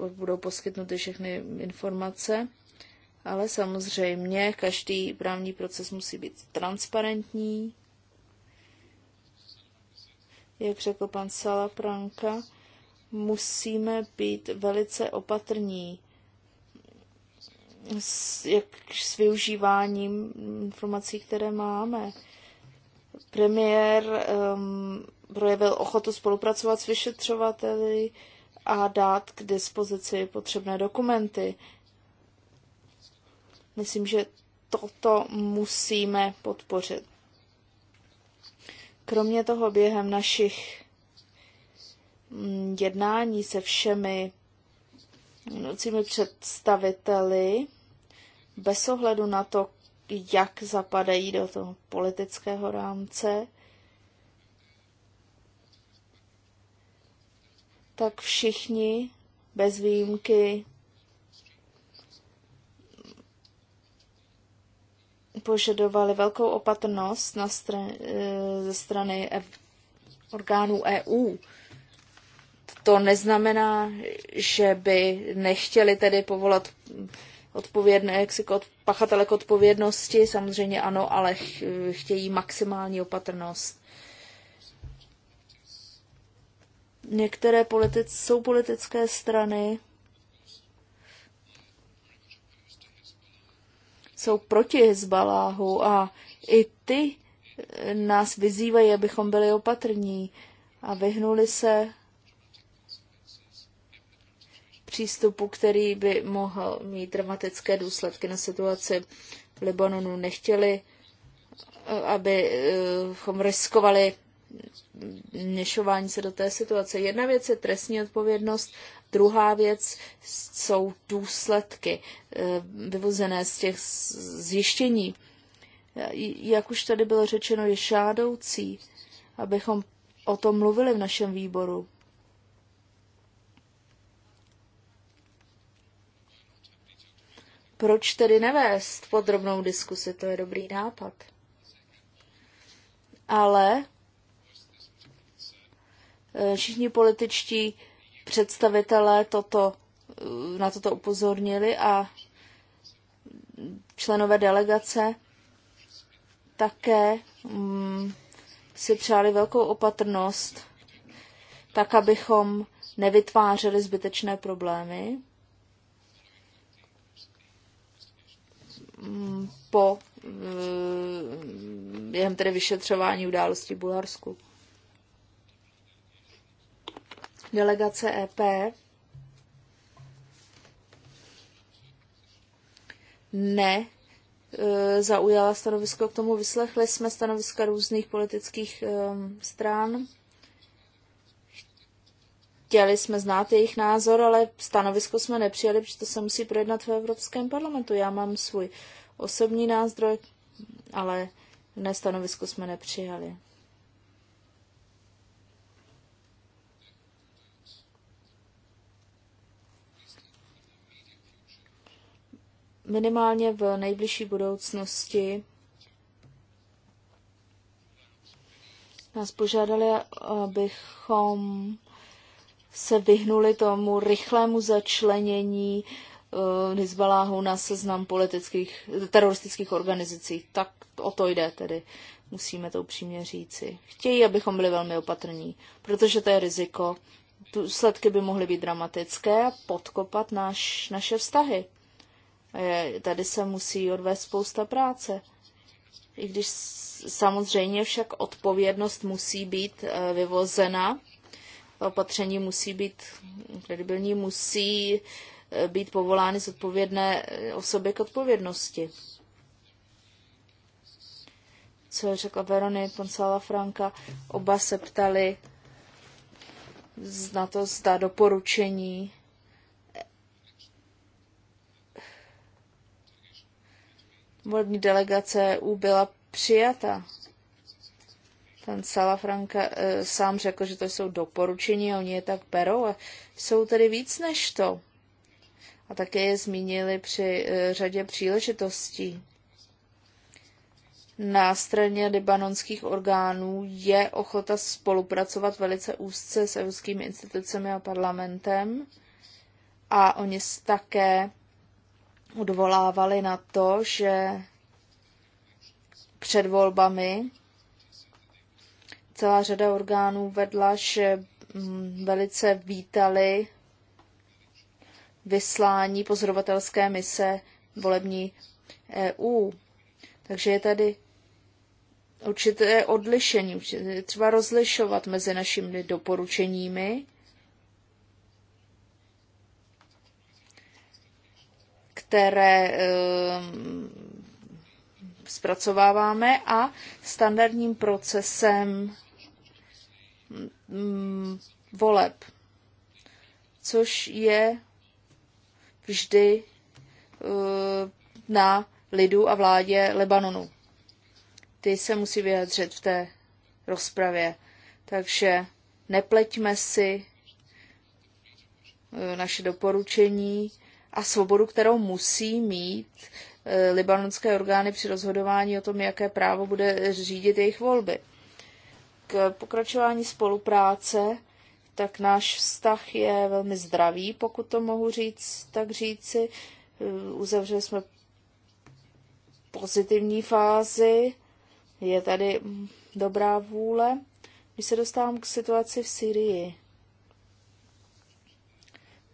Budou poskytnuty všechny informace ale samozřejmě každý právní proces musí být transparentní. Jak řekl pan Salapranka, musíme být velice opatrní s, jak, s využíváním informací, které máme. Premiér um, projevil ochotu spolupracovat s vyšetřovateli a dát k dispozici potřebné dokumenty. Myslím, že toto musíme podpořit. Kromě toho během našich mm, jednání se všemi nocími představiteli, bez ohledu na to, jak zapadají do toho politického rámce, tak všichni bez výjimky požadovali velkou opatrnost na str- eh, ze strany orgánů EU. To neznamená, že by nechtěli tedy povolat odpovědné, pachatele k odpovědnosti, samozřejmě ano, ale chtějí maximální opatrnost. Některé politi- jsou politické strany, jsou proti Hezbaláhu a i ty eh, nás vyzývají, abychom byli opatrní a vyhnuli se přístupu, který by mohl mít dramatické důsledky na situaci v Libanonu. Nechtěli, eh, abychom eh, riskovali měšování se do té situace. Jedna věc je trestní odpovědnost Druhá věc jsou důsledky eh, vyvozené z těch zjištění. Eh, jak už tady bylo řečeno, je žádoucí, abychom o tom mluvili v našem výboru. Proč tedy nevést podrobnou diskusi? To je dobrý nápad. Ale eh, všichni političtí Představitelé toto, eh, na toto upozornili a členové delegace také mm, si přáli velkou opatrnost, tak abychom nevytvářeli zbytečné problémy. Mm, po eh, během tedy vyšetřování událostí v Bulharsku. delegace EP ne e, zaujala stanovisko k tomu. Vyslechli jsme stanoviska různých politických e, stran. Chtěli jsme znát jejich názor, ale stanovisko jsme nepřijali, protože to se musí projednat v Evropském parlamentu. Já mám svůj osobní názor, ale ne stanovisko jsme nepřijali. minimálně v nejbližší budoucnosti nás požádali, abychom se vyhnuli tomu rychlému začlenění Hezbaláhu eh, na seznam politických, teroristických organizací. Tak o to jde tedy. Musíme to upřímně říci. Chtějí, abychom byli velmi opatrní, protože to je riziko. sledky by mohly být dramatické a podkopat naš, naše vztahy. Tady se musí odvést spousta práce. I když samozřejmě však odpovědnost musí být eh, vyvozena, opatření musí být kredibilní, musí eh, být povolány zodpovědné eh, osoby k odpovědnosti. Co řekla Verony Poncala Franka, oba se ptali na to, zda doporučení volební delegace EU byla přijata. Pan Salafranka e, sám řekl, že to jsou doporučení, oni je tak berou a jsou tedy víc než to. A také je zmínili při e, řadě příležitostí. Na straně libanonských orgánů je ochota spolupracovat velice úzce s evropskými institucemi a parlamentem a oni také odvolávali na to, že před volbami celá řada orgánů vedla, že mm, velice vítali vyslání pozorovatelské mise volební EU. Takže je tady určité odlišení, třeba rozlišovat mezi našimi doporučeními které ehm, zpracováváme a standardním procesem mm, mm, voleb, což je vždy eh, na lidu a vládě Libanonu. Ty se musí vyjadřit v té rozpravě. Takže nepleťme si eh, naše doporučení a svobodu, kterou musí mít eh, libanonské orgány při rozhodování o tom, jaké právo bude řídit jejich volby. K pokračování spolupráce, tak náš vztah je velmi zdravý, pokud to mohu říct, tak říci. Eh, uzavřeli jsme pozitivní fázi, je tady dobrá vůle. Když se dostávám k situaci v Syrii,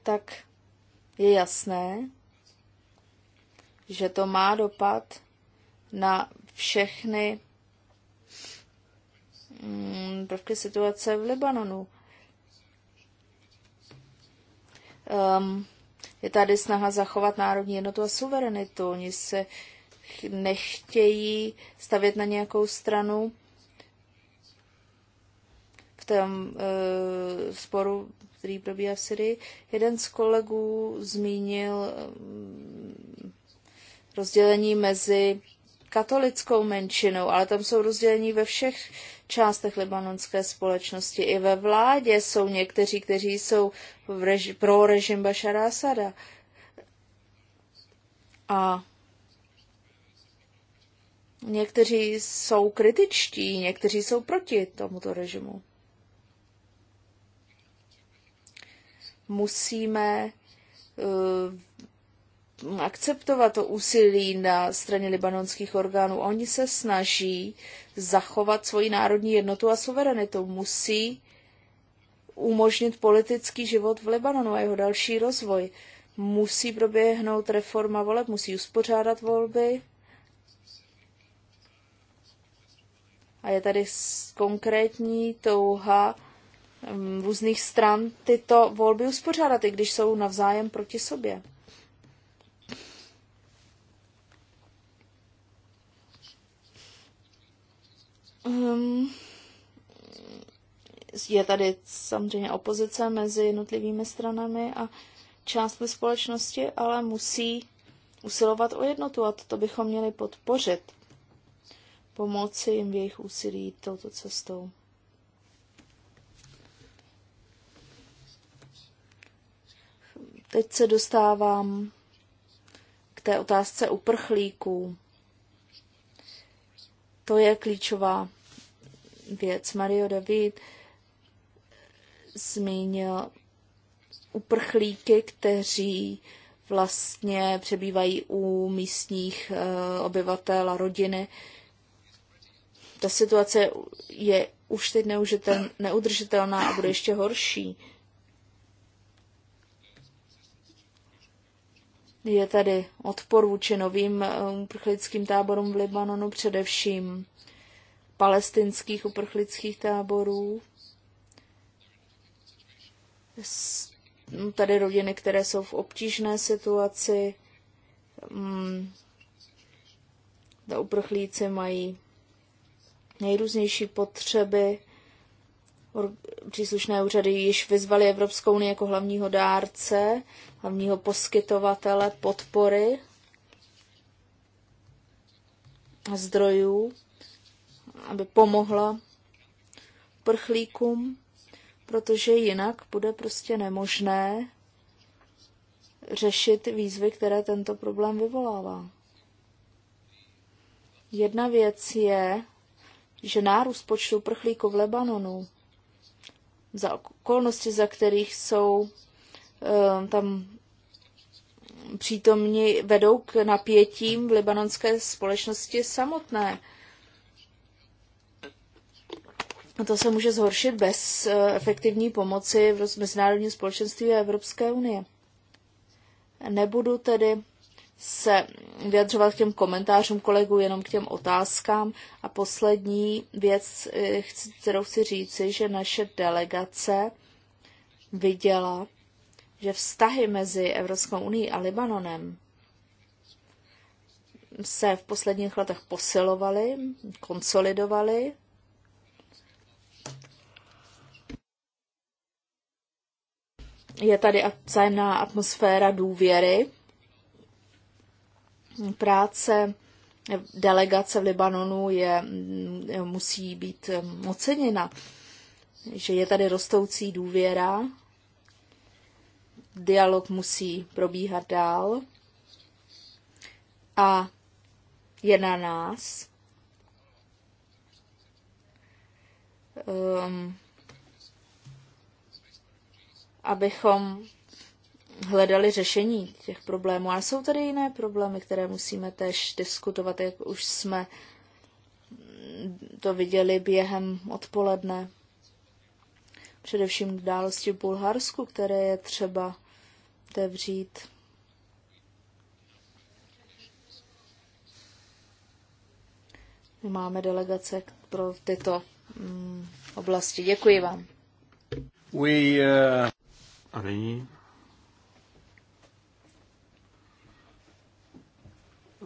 tak je jasné, že to má dopad na všechny mm, prvky situace v Libanonu. Um, je tady snaha zachovat národní jednotu a suverenitu. Oni se nechtějí stavět na nějakou stranu v tom uh, sporu který probíhá v Syrii. Jeden z kolegů zmínil mm, rozdělení mezi katolickou menšinou, ale tam jsou rozdělení ve všech částech libanonské společnosti. I ve vládě jsou někteří, kteří jsou v reži- pro režim Bašara Asada. A někteří jsou kritičtí, někteří jsou proti tomuto režimu. musíme eh, akceptovat to úsilí na straně libanonských orgánů. Oni se snaží zachovat svoji národní jednotu a suverenitu. Musí umožnit politický život v Libanonu a jeho další rozvoj. Musí proběhnout reforma voleb, musí uspořádat volby. A je tady konkrétní touha Mm, různých stran tyto volby uspořádat, i když jsou navzájem proti sobě. Um, je tady samozřejmě opozice mezi jednotlivými stranami a částmi společnosti, ale musí usilovat o jednotu a to bychom měli podpořit. Pomoci jim v jejich úsilí touto cestou. Teď se dostávám k té otázce uprchlíků. To je klíčová věc. Mario David zmínil uprchlíky, kteří vlastně přebývají u místních eh, obyvatel a rodiny. Ta situace je už teď neudržitelná a bude ještě horší. Je tady odpor vůči novým eh, uprchlickým táborům v Libanonu, především palestinských uprchlických táborů. No, tady rodiny, které jsou v obtížné situaci, mm, ta uprchlíci mají nejrůznější potřeby, Příslušné úřady již vyzvaly Evropskou unii jako hlavního dárce, hlavního poskytovatele podpory a zdrojů, aby pomohla prchlíkům, protože jinak bude prostě nemožné řešit výzvy, které tento problém vyvolává. Jedna věc je, že nárůst počtu prchlíků v Lebanonu za okolnosti, za kterých jsou eh, tam přítomní, vedou k napětím v libanonské společnosti samotné. A to se může zhoršit bez eh, efektivní pomoci v mezinárodním společenství a Evropské unie. Nebudu tedy se vyjadřovat k těm komentářům kolegů, jenom k těm otázkám. A poslední věc, eh, kterou chci říci, že naše delegace viděla, že vztahy mezi Evropskou unii a Libanonem se v posledních letech posilovaly, konsolidovaly. Je tady vzájemná atmosféra důvěry Práce delegace v Libanonu je, mm, musí být mm, oceněna, že je tady rostoucí důvěra, dialog musí probíhat dál a je na nás, um, abychom hledali řešení těch problémů. a jsou tady jiné problémy, které musíme tež diskutovat, jak už jsme to viděli během odpoledne. Především události v Bulharsku, které je třeba otevřít. My máme delegace pro tyto mm, oblasti. Děkuji vám. We, uh... A nyní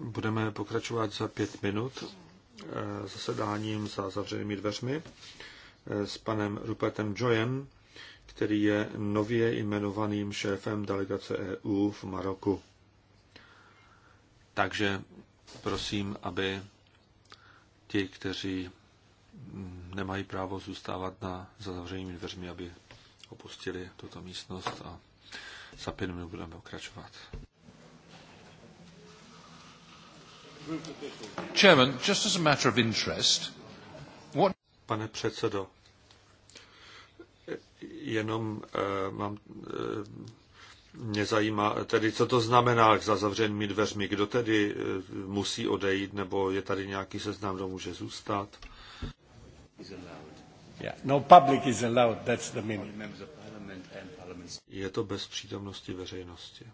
Budeme pokračovat za pět minut eh, zasedáním za zavřenými dveřmi eh, s panem Rupertem Joyem, který je nově jmenovaným šéfem delegace EU v Maroku. Takže prosím, aby ti, kteří mm, nemají právo zůstávat na, za zavřenými dveřmi, aby opustili tuto místnost a za pět minut budeme pokračovat. Pane předsedo, jenom uh, mám, uh, mě zajímá tedy, co to znamená za zavřenými dveřmi. Kdo tedy uh, musí odejít, nebo je tady nějaký seznam, kdo může zůstat? No public is allowed, that's the minimum. Je to bez přítomnosti veřejnosti.